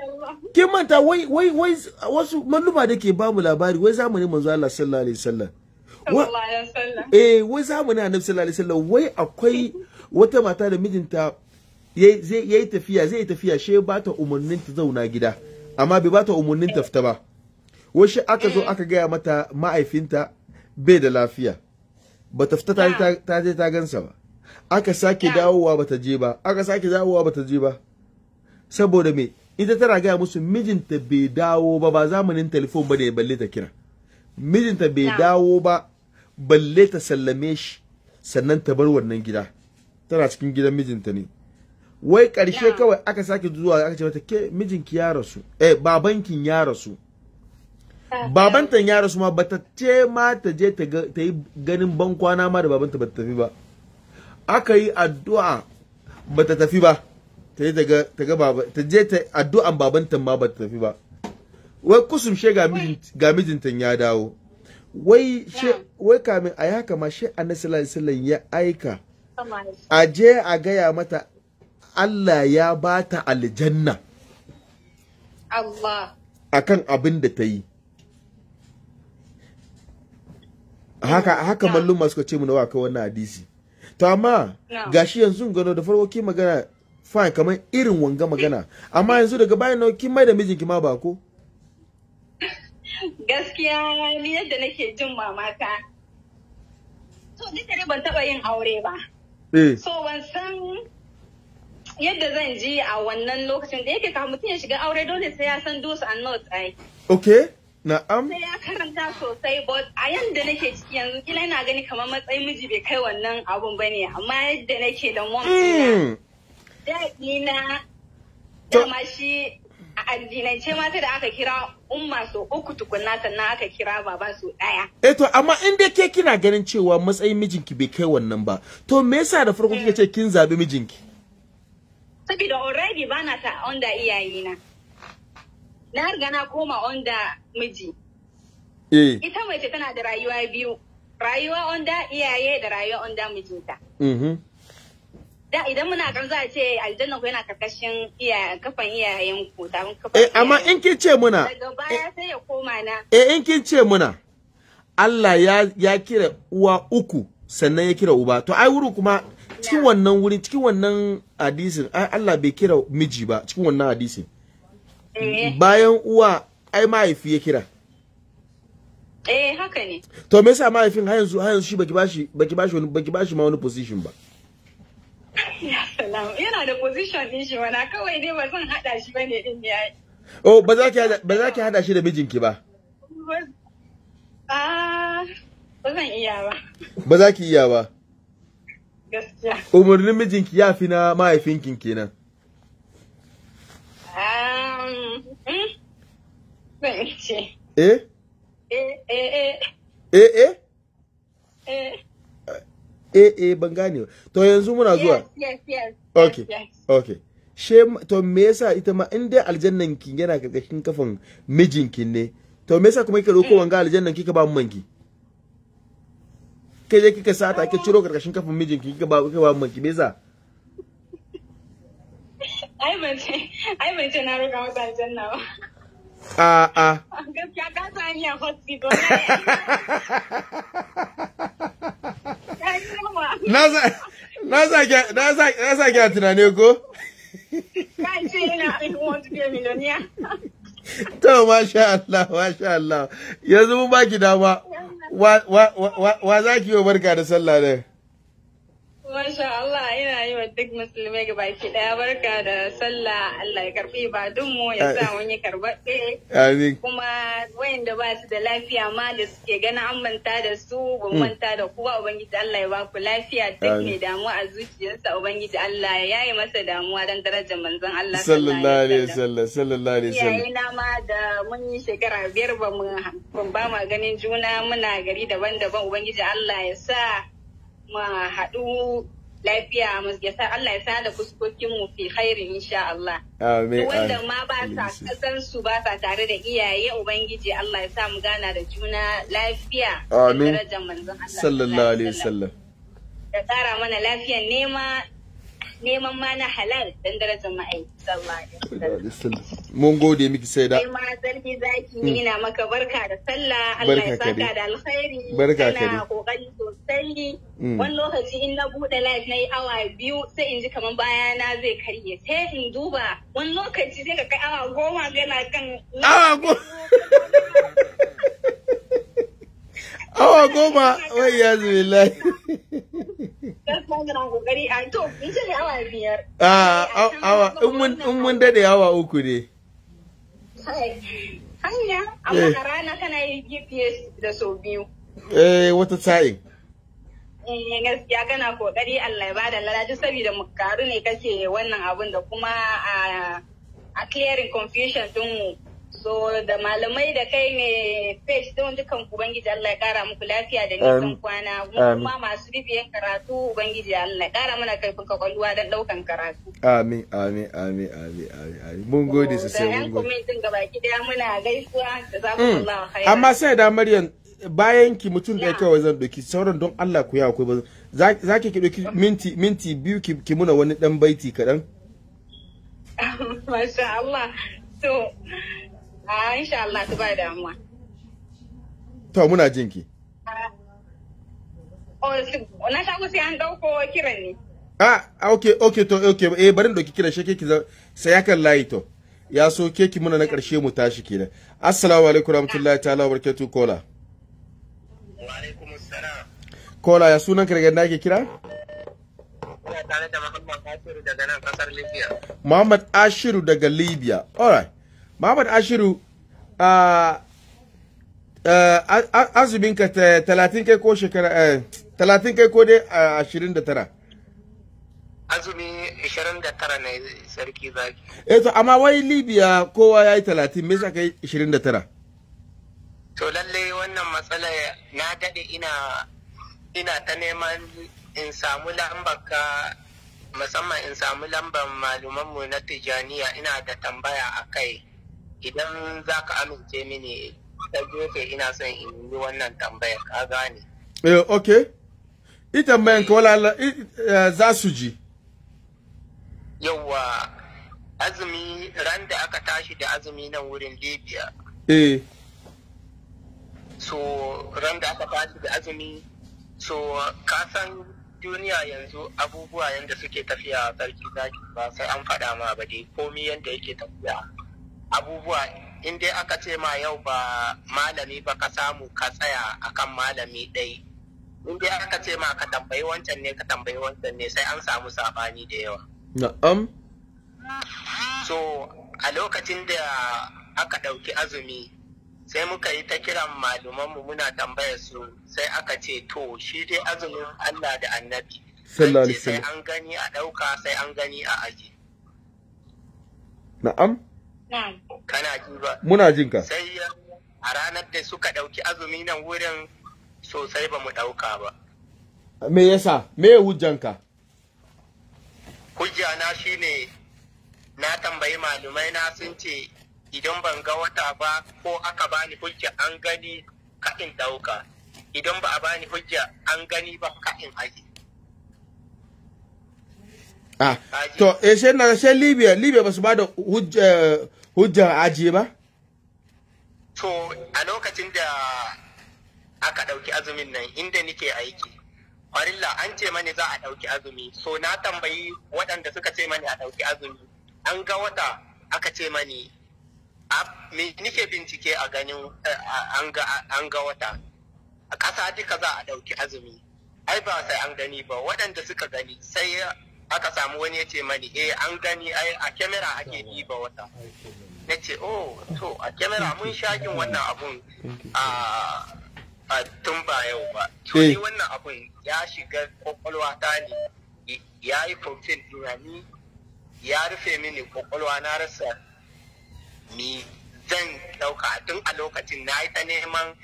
kin manta wai wai wai wasu malluma da ke bamu labari wai zamanin manzo Allah sallallahu alaihi wasallam eh wai zamanin annabi sallallahu alaihi wasallam wai akwai wata mata da mijinta zai yi tafiya zai tafiya she ba ta umarnin ta zauna gida amma bai ba ta umarnin ta fita ba wasu aka zo eh. aka gaya mata ma'aifinta bai da lafiya ba ta fita ta je ta gansa ba aka sake dawowa ba ta je ba aka sake dawowa ba ta je ba saboda me ita tana gaya musu mijinta bai dawo ba ba zamanin telefon ba da ya balle ta kira mijinta bai dawo ba balle ta sallame shi sannan ta bar wannan gida tana cikin gidan mijinta ne wai karshe kawai aka sake zuwa aka ce mata ke mijinki ya rasu eh babankin ya rasu babantan ya rasu ma bata ce ma ta je ta yi ganin ban kwana ma da babanta bata tafi ba aka yi addu'a bata tafi ba ta je ta ta je ta addu'an babantan ma bata tafi ba wai kusum she ga mijinta ya dawo wai she wai kamin a haka ma she annabi sallallahu alaihi wasallam ya aika a je a gaya mata Allah ya ba ta aljanna a kan abin da ta yi haka mallum malluma suka ce mu nawa kai wannan hadisi to amma gashi yanzu gano da farko ki magana fine kamar irin wanga magana amma yanzu daga bayan nawa kima mai da mijinki ma ba ko gaskiya ni yadda nake jin mamata to duk ban taba yin aure ba eh. so ban san yadda zan ji a wannan lokacin da yake kafin mutum ya shiga aure dole sai ya san do's a not ai okay na'am sai ya karanta sosai but a yadda nake ciki yanzu kila ina gani kamar matsayin miji bai kai wannan abun ne, amma yadda nake da mom mm. daɗi na dama shi a addinance mata da aka kira umma so uku tukunna sannan aka kira baba so ɗaya. Eh to amma in ke kina ganin cewa matsayin mijinki bai kai wannan ba to me yasa da farko kika mm. ce kin zabi mijinki? saboda already ba na ta onda iyayena na riga na koma onda miji eh. ita mace tana da rayuwa biyu rayuwa onda iyaye da rayuwa onda mijinta mm-hmm. da idan muna kan za a ce aljanna ku yana karkashin kafan iyayen ku mun kafa eh amma in kin ce muna daga baya eh, sai ya koma na eh in kin ce muna Allah ya ya kira uwa uku sannan ya kira uba to ai wuri kuma cikin wannan wurin cikin wannan hadisin ai Allah bai kira miji ba cikin wannan hadisin eh. bayan uwa ai mahaifi ya kira eh haka ne to me yasa mahaifin har yanzu har yanzu shi baki bashi baki bashi wani baki bashi ma wani position ba yana da position din shi wana kawai dai ba zan hada shi bane din ne ai oh ba za ki ba za ki hada shi da mijinki ba ah ba zan iya ba ba za ki iya ba Umarnin mijinki ya fi na mahaifinkin kenan. Um, hmm? eh? Eh, eh? Eh eh. Eh eh? Eh eh ban gane to yanzu muna zuwa. Yes yes Okay. Okay. She to me yasa ita ma in dai aljannan ki yana karkashin kafan mijinki ne. To me yasa kuma kika dauko mm. wanga aljannan kika ba mu manki? kai je kika sata ki ciro karkashin kafin mijinki kika ba kika ba maki beza ai ban ce ai ban ce na roka masa aljanna ba a a gaskiya ka sa ni a hospital na za na za na za na za ki tunane ko kai ce ina I want to be a millionaire to masha Allah masha Allah yanzu mun baki dama wa wa wa, wa, za barka da sallah ne Masha Allah ina yi wa duk musulmai ga baki daya barka da sallah Allah ya karbi mu ya sa wani karbaɗe. Amin. Kuma wayanda ba su da lafiya ma da suke gana an manta da su ban hmm. manta da kowa Ubangiji Allah ya ba ku lafiya duk mai damuwa a zuciyarsa Ubangiji Allah ya yi masa damuwa don darajar manzon Allah. Sallallahu alaihi wasallam sallallahu alaihi wasallam. Iyayena ma da mun yi shekara biyar ba mu ba ma ganin juna muna gari daban-daban Ubangiji Allah ya sa mu haɗu lafiya ya sa Allah ya sada kuskokin mu fi khairin insha Allah. Amin. Wanda ma ba sa kasan su ba sa tare da iyaye ubangiji Allah ya sa mu gana da juna lafiya. Amin. Darajar manzon Allah. Sallallahu alaihi wasallam. Ya tsara mana lafiyar nema neman ma na halal dan darajar ma'aikata sallallahu alaihi wasallam. mun gode miki sai da sarki zaki ni hmm. na maka barka da sallah Allah ya saka da barka ka dai kokari hmm. nayi awa biyu sai in ji baya na zai karye sai in duba awa goma gana kan awa goma awa goma wai ya lai awa ah, in mun dade awa uku ne hanya amma eh. a rana kana yi GPS da sau biyu eh wata eh, gaskiya kana kokari Allah ya bada lalaci saboda mu karu ne kake wannan abun da kuma ah, a clearing confusion din mu zo da malamai da kai ne page don dukan ubangiji Allah ya kara muku lafiya da nisan kwana kuma masu bibiyan karatu ubangiji Allah ya kara mana kaifin ka kwalwa dan daukan karatu amin amin amin amin amin mun gode sosai mun gode da yan gabaki daya muna gaisuwa da zakullahu hmm. khairan amma sai da Maryam bayan ki mutum da kawai zan doki sauran don Allah ku yi akwai ba za ki ki doki minti minti biyu ki muna wani dan baiti kadan Masha Allah. So, a insha Allah ta ba damuwa to muna jin ki oh, na shago sai an dauko kiran ne ah, ah, ok ok to, ok, eh, bari doki kiran shi keki sai ya kan layi to. Ya so keki muna na ƙarshe mu tashi kenan. Assalamu alaikum warahmatullahi ta'ala wa barakatu kola. Wa alaikum assalam. Kola ya sunan ka daga inda ake kira? Ina tare da Muhammad Ashiru daga nan ƙasar Libya. Muhammad Ashiru daga Libya. All right. Muhammad Ashiru a azumin uh, talatin kai ko shekara da eh, kai ko dai da azumi na ne sarki zaki Eto eh, amma wai Libya kowa ya yi talatin, me yasa kai tara? to lalle wannan matsala na daɗe ina ina ta neman in samu lambar ka musamman in samu lambar malumanmu na Tijaniya ina da tambaya a kai idan za ka amince mini ta gefe ina son in yi wannan tambayar ka gane eh ok. ita tambayan ka wala eh, za su ji Yawwa, azumi ran da aka tashi da azumi nan wurin libya eh so ran da aka tashi da azumi so ka san duniya yanzu abubuwa yanda suke tafiya sarki zaki ba sai an faɗa ma ba dai komi yanda yake tafiya abubuwa in dai aka ce ma yau ba malami ba ka samu ka tsaya akan malami ɗai in dai aka ce ma ka tambayi wancan ne ka tambayi wancan ne sai an samu sabani da yawa na'am so a lokacin da aka ɗauki azumi sai muka yi ta kiran malumanmu muna tambayar su sai aka ce to shi dai azumin Allah da annabi sai an gani a ɗauka sai an gani a aji na'am kana muna jin ka sai a ranar da suka ɗauki azumi nan wurin sosai ba mu ɗauka ba me yasa me hujjanka hujja na shi ne na tambayi malumai na sun ce idan ban ga wata ba ko aka bani hujja an gani ka ɗauka idan ba a bani hujja an gani ba ka in aji Ah, to eh sai na sai Libya, Libya ba su ba da hujjar aji ba? To a lokacin da aka ɗauki azumin nan inda nike aiki, kwarilla an ce mani za a ɗauki azumi, so na tambayi waɗanda suka ce mani a ɗauki azumi, an ga wata aka ce mani nike bincike a ganin eh, an ga wata a ƙasa duka za a ɗauki azumi ai ba sai an gani ba waɗanda suka gani sai aka samu wani ya ce mani eh an gani ai a kyamara ake diba wata na ce oh to a kyamara mun shakin wannan abun a tun ba yau ba to eh. ni wannan abun ya shiga kwakwalwa ta ne ya yi fulfil ni ya rufe mini kwakwalwa na rasa ni zan ɗauka tun a lokacin na yi ta neman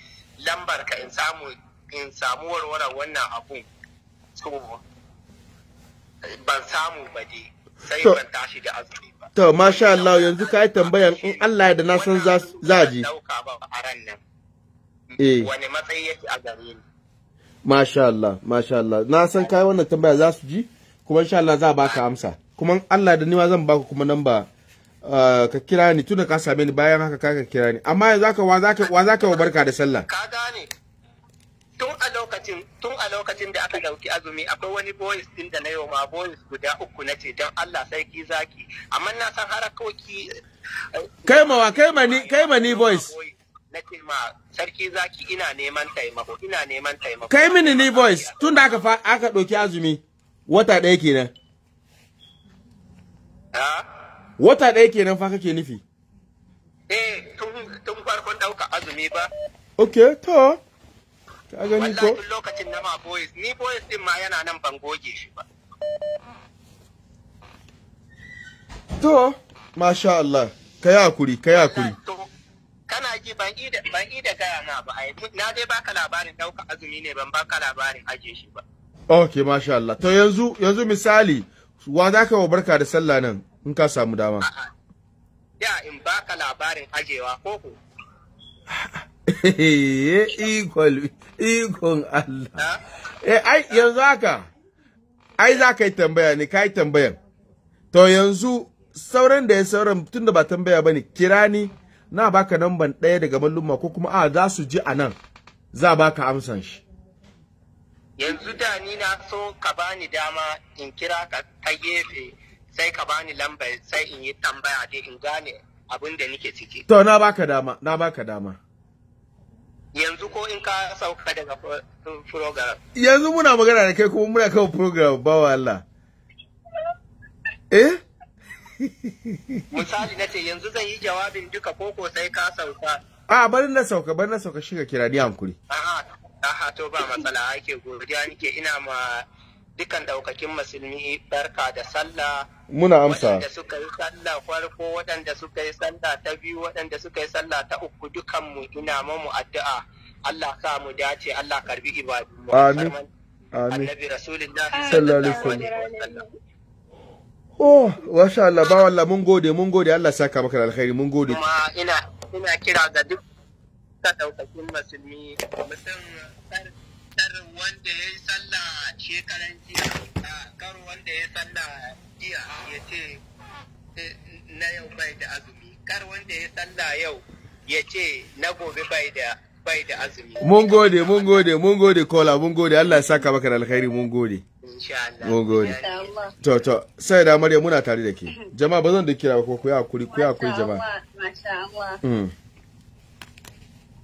lambar ka in samu in wannan abun ban samu ba dai sai ban tashi da azumi ba to masha Allah yanzu kai tambayan in Allah ya da na san za za ji dauka ba a ran nan eh wani matsayi yake a gare ni masha Allah masha Allah na san kai wannan tambaya za su ji kuma insha Allah za baka amsa kuma Allah da niwa zan baka kuma namba ah, ka kira ni tunda ka same ni bayan haka ka kira ni amma yanzu ka wa za ka wa barka da sallah ka gane tun a lokacin tun a lokacin da aka dauki azumi akwai wani boys din da na yau ma boys guda uku na ce don Allah sarki zaki amma na san harakoki eh, kai wa kai ni kai ni boys na ce ma sarki zaki ina neman taimako ina neman taimako kai mini ni boys tun da aka fa aka dauki azumi wata daya kenan wata daya kenan fa kake nufi eh tun tun farkon dauka azumi ba okay to ka gani ko wallahi lokacin na ma boys ni boys din ma yana nan ban goge shi ba to masha Allah kai hakuri kai hakuri kana ji ban yi da ban yi da gaya na ba ai na dai baka labarin dauka azumi ne ban baka labarin aje shi ba okay masha Allah to yanzu yanzu misali wa za ka wa barka da sallah nan in ka samu dama ya in baka labarin ajewa koko ikon Allah. Eh, ai, yanzu haka, ai za ka yi tambaya ne, ka yi To yanzu, sauran da ya sauran tun da ba tambaya ba ne, kira ni, na baka namban ɗaya daga malluma ko kuma a za su ji a nan, za baka amsan shi. Yanzu da ni na so ka bani dama in kira ka ta gefe sai ka bani lambar sai in yi tambaya dai in gane abin da nike ciki. To na baka dama, na baka dama. yanzu ko in ka sauka daga program yanzu muna magana da kai kuma muna kawo program ba wa Allah eh misali ce yanzu zan yi jawabin duka koko sai ka sauka a bari na sauka bari na sauka shiga kira ni hankuri a'a to ba matsala ake godiya nike ina ma dukan daukakin musulmi barka da sallah muna amsa waɗanda suka yi sallah farko waɗanda suka yi sallah ta biyu waɗanda suka yi sallah ta uku dukan mu ina mamu addu'a Allah sa mu dace Allah karbi ibadu amin amin annabi rasulullahi sallallahu alaihi wasallam oh washa Allah ba wallah mun gode mun gode Allah saka maka da alkhairi mun gode kuma ina ina kira ga duk daukakin musulmi musulmi. Kar wanda ya yi sallah shekaran jiya kar wanda ya sallah jiya ya ce eh, na yau bai da azumi kar wanda ya sallah yau ya ce na gobe bai da bai da azumi mun gode mun gode mun gode kola mun gode Allah ya saka maka da alkhairi mun gode mun gode to to sai da Maryam muna tare da ke jama'a bazan da kira ko ku ya hakuri ku ya hakuri jama'a masha Allah hmm.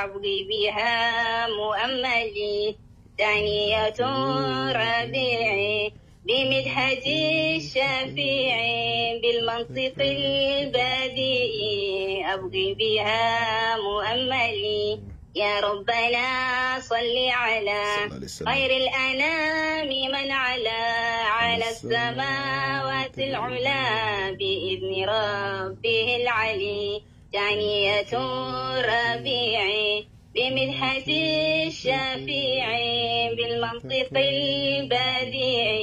العبد بها مؤملي ثانية ربيعي بمدحة الشفيع بالمنطق البديع أبغي بها مؤملي يا ربنا صل على خير الأنام من على على السماوات العلا بإذن ربه العلي ثانية الربيع بمدحة الشفيع بالمنطق البديع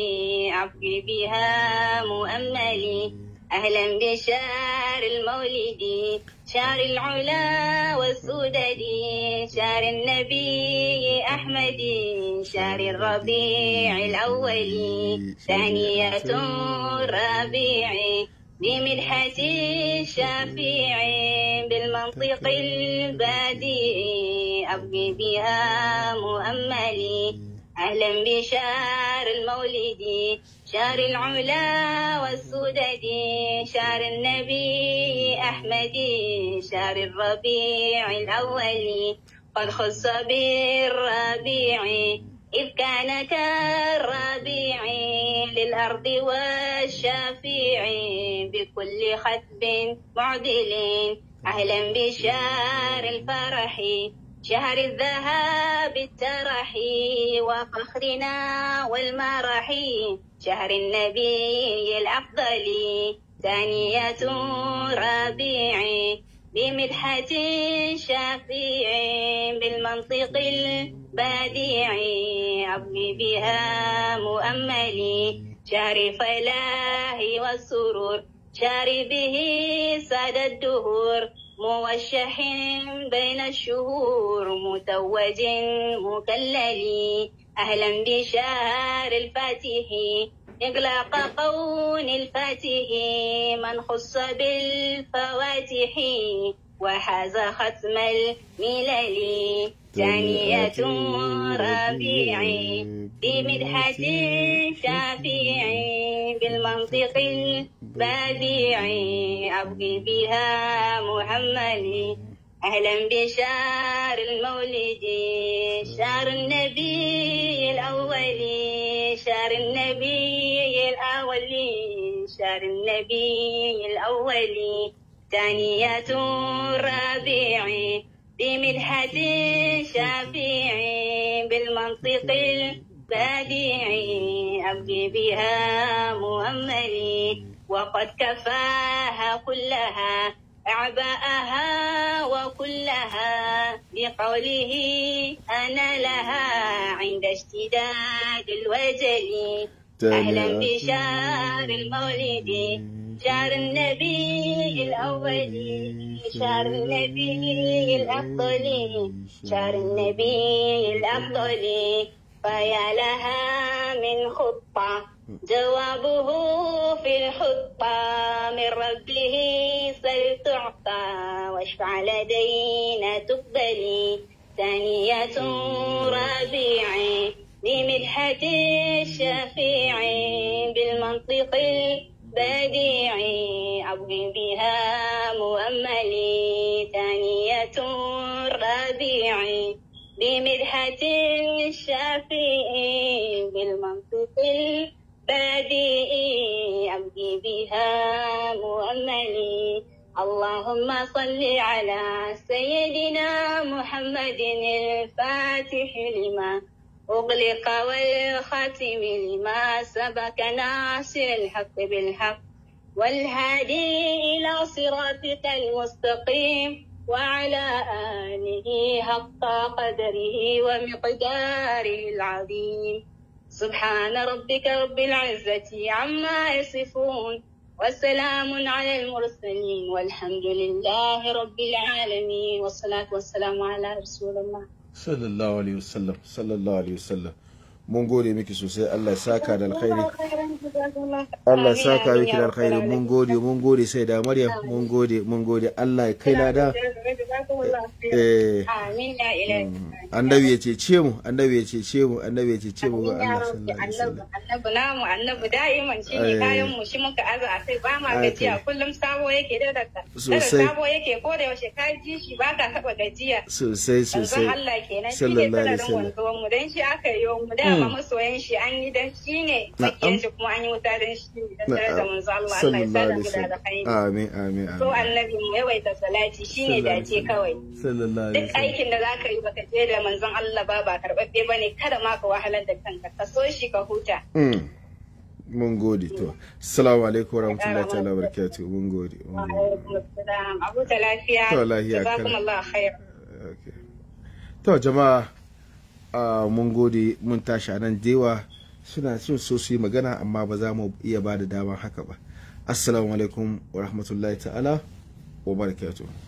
أبقي بها مؤملي أهلا بشهر المولد شهر العلا والسدد شهر النبي أحمد شهر الربيع الأول ثانية الربيع نيم الحسين الشفيعي بالمنطق البديع أبقي بها مؤملي أهلا بشهر المولد شهر العلا والسدد شهر النبي أحمد شهر الربيع الأول قد خص بالربيع إذ كان كالربيع للأرض والشفيع بكل خطب معدل أهلا بشهر الفرح شهر الذهاب الترح وفخرنا والمرح شهر النبي الأفضل ثانية ربيع بمدحة شفيع بالمنطق البديع أبغي بها مؤملي شهر فلاح والسرور شهر به ساد الدهور موشح بين الشهور متوج مكللي أهلا بشهر الفاتح إغلاق قون الفاتح من خص بالفواتح وحاز ختم الملل ثانية ربيعي بمدحة الشافعي بالمنطق البديعي أبغي بها محملي أهلا بشهر المولد شهر النبي الأول شهر النبي الأول شهر النبي الأول ثانية الربيع بمدحة شفيع بالمنطق البديع أبقي بها مؤملي وقد كفاها كلها أعباءها وكلها بقوله أنا لها عند اشتداد الوجل أهلا بشهر المولد شار النبي الأول شهر النبي الأفضل شهر النبي الأفضل فيا لها من خبز جوابه في الحطة من ربه سل تعطى واشفع لدينا تقبلي ثانية ربيعي لمدحة الشفيع بالمنطق البديع أبغي بها مؤملي ثانية ربيعي بمدحة الشافي بالمنطق البديع أبدي بها مؤملي اللهم صل على سيدنا محمد الفاتح لما أغلق والخاتم لما سبك ناصر الحق بالحق والهادي إلى صراطك المستقيم وعلى آله حق قدره ومقداره العظيم سبحان ربك رب العزة عما يصفون والسلام على المرسلين والحمد لله رب العالمين والصلاة والسلام على رسول الله صلى الله عليه وسلم صلى الله عليه وسلم mun gode miki sosai Allah ya saka da alkhairi Allah ya saka miki da alkhairi mun gode mun gode sai da Maryam mun gode mun gode Allah ya kai lada eh mm. annabi ya ce mu annabi ya ce mu annabi ya ce mu ga Allah sallallahu alaihi wasallam annabi namu annabi da'iman shi ne eh. kayan mu shi muka aza a sai ba ma gajiya kullum sabo yake da daga sosai sabo yake ko da yaushe ka ji shi ba ka taba gajiya sosai sosai Allah kenan shi ne sallallahu alaihi wasallam dan shi aka yi mu da amma masoyan an yi dan shi ne makiyan shi kuma an yi wuta dan shi ne dan daraja manzo Allah Allah ya sada mu da amin amin amin so annabi mu yawaita salati shine da ce kawai sallallahu alaihi duk aikin da zaka yi baka je da manzon Allah ba ba karbabbe bane kada ma ka wahalar da kanka ka so shi ka huta mm. mun gode to assalamu alaikum warahmatullahi ta'ala barakatuh mun gode mun gode abu ta lafiya to lafiya kan Allah khair to jama'a Ah, mun gode mun tashi nan dewa suna cin so su yi magana amma ba za mu iya ba da damar haka ba assalamu alaikum wa rahmatullahi ta'ala wa barakatuh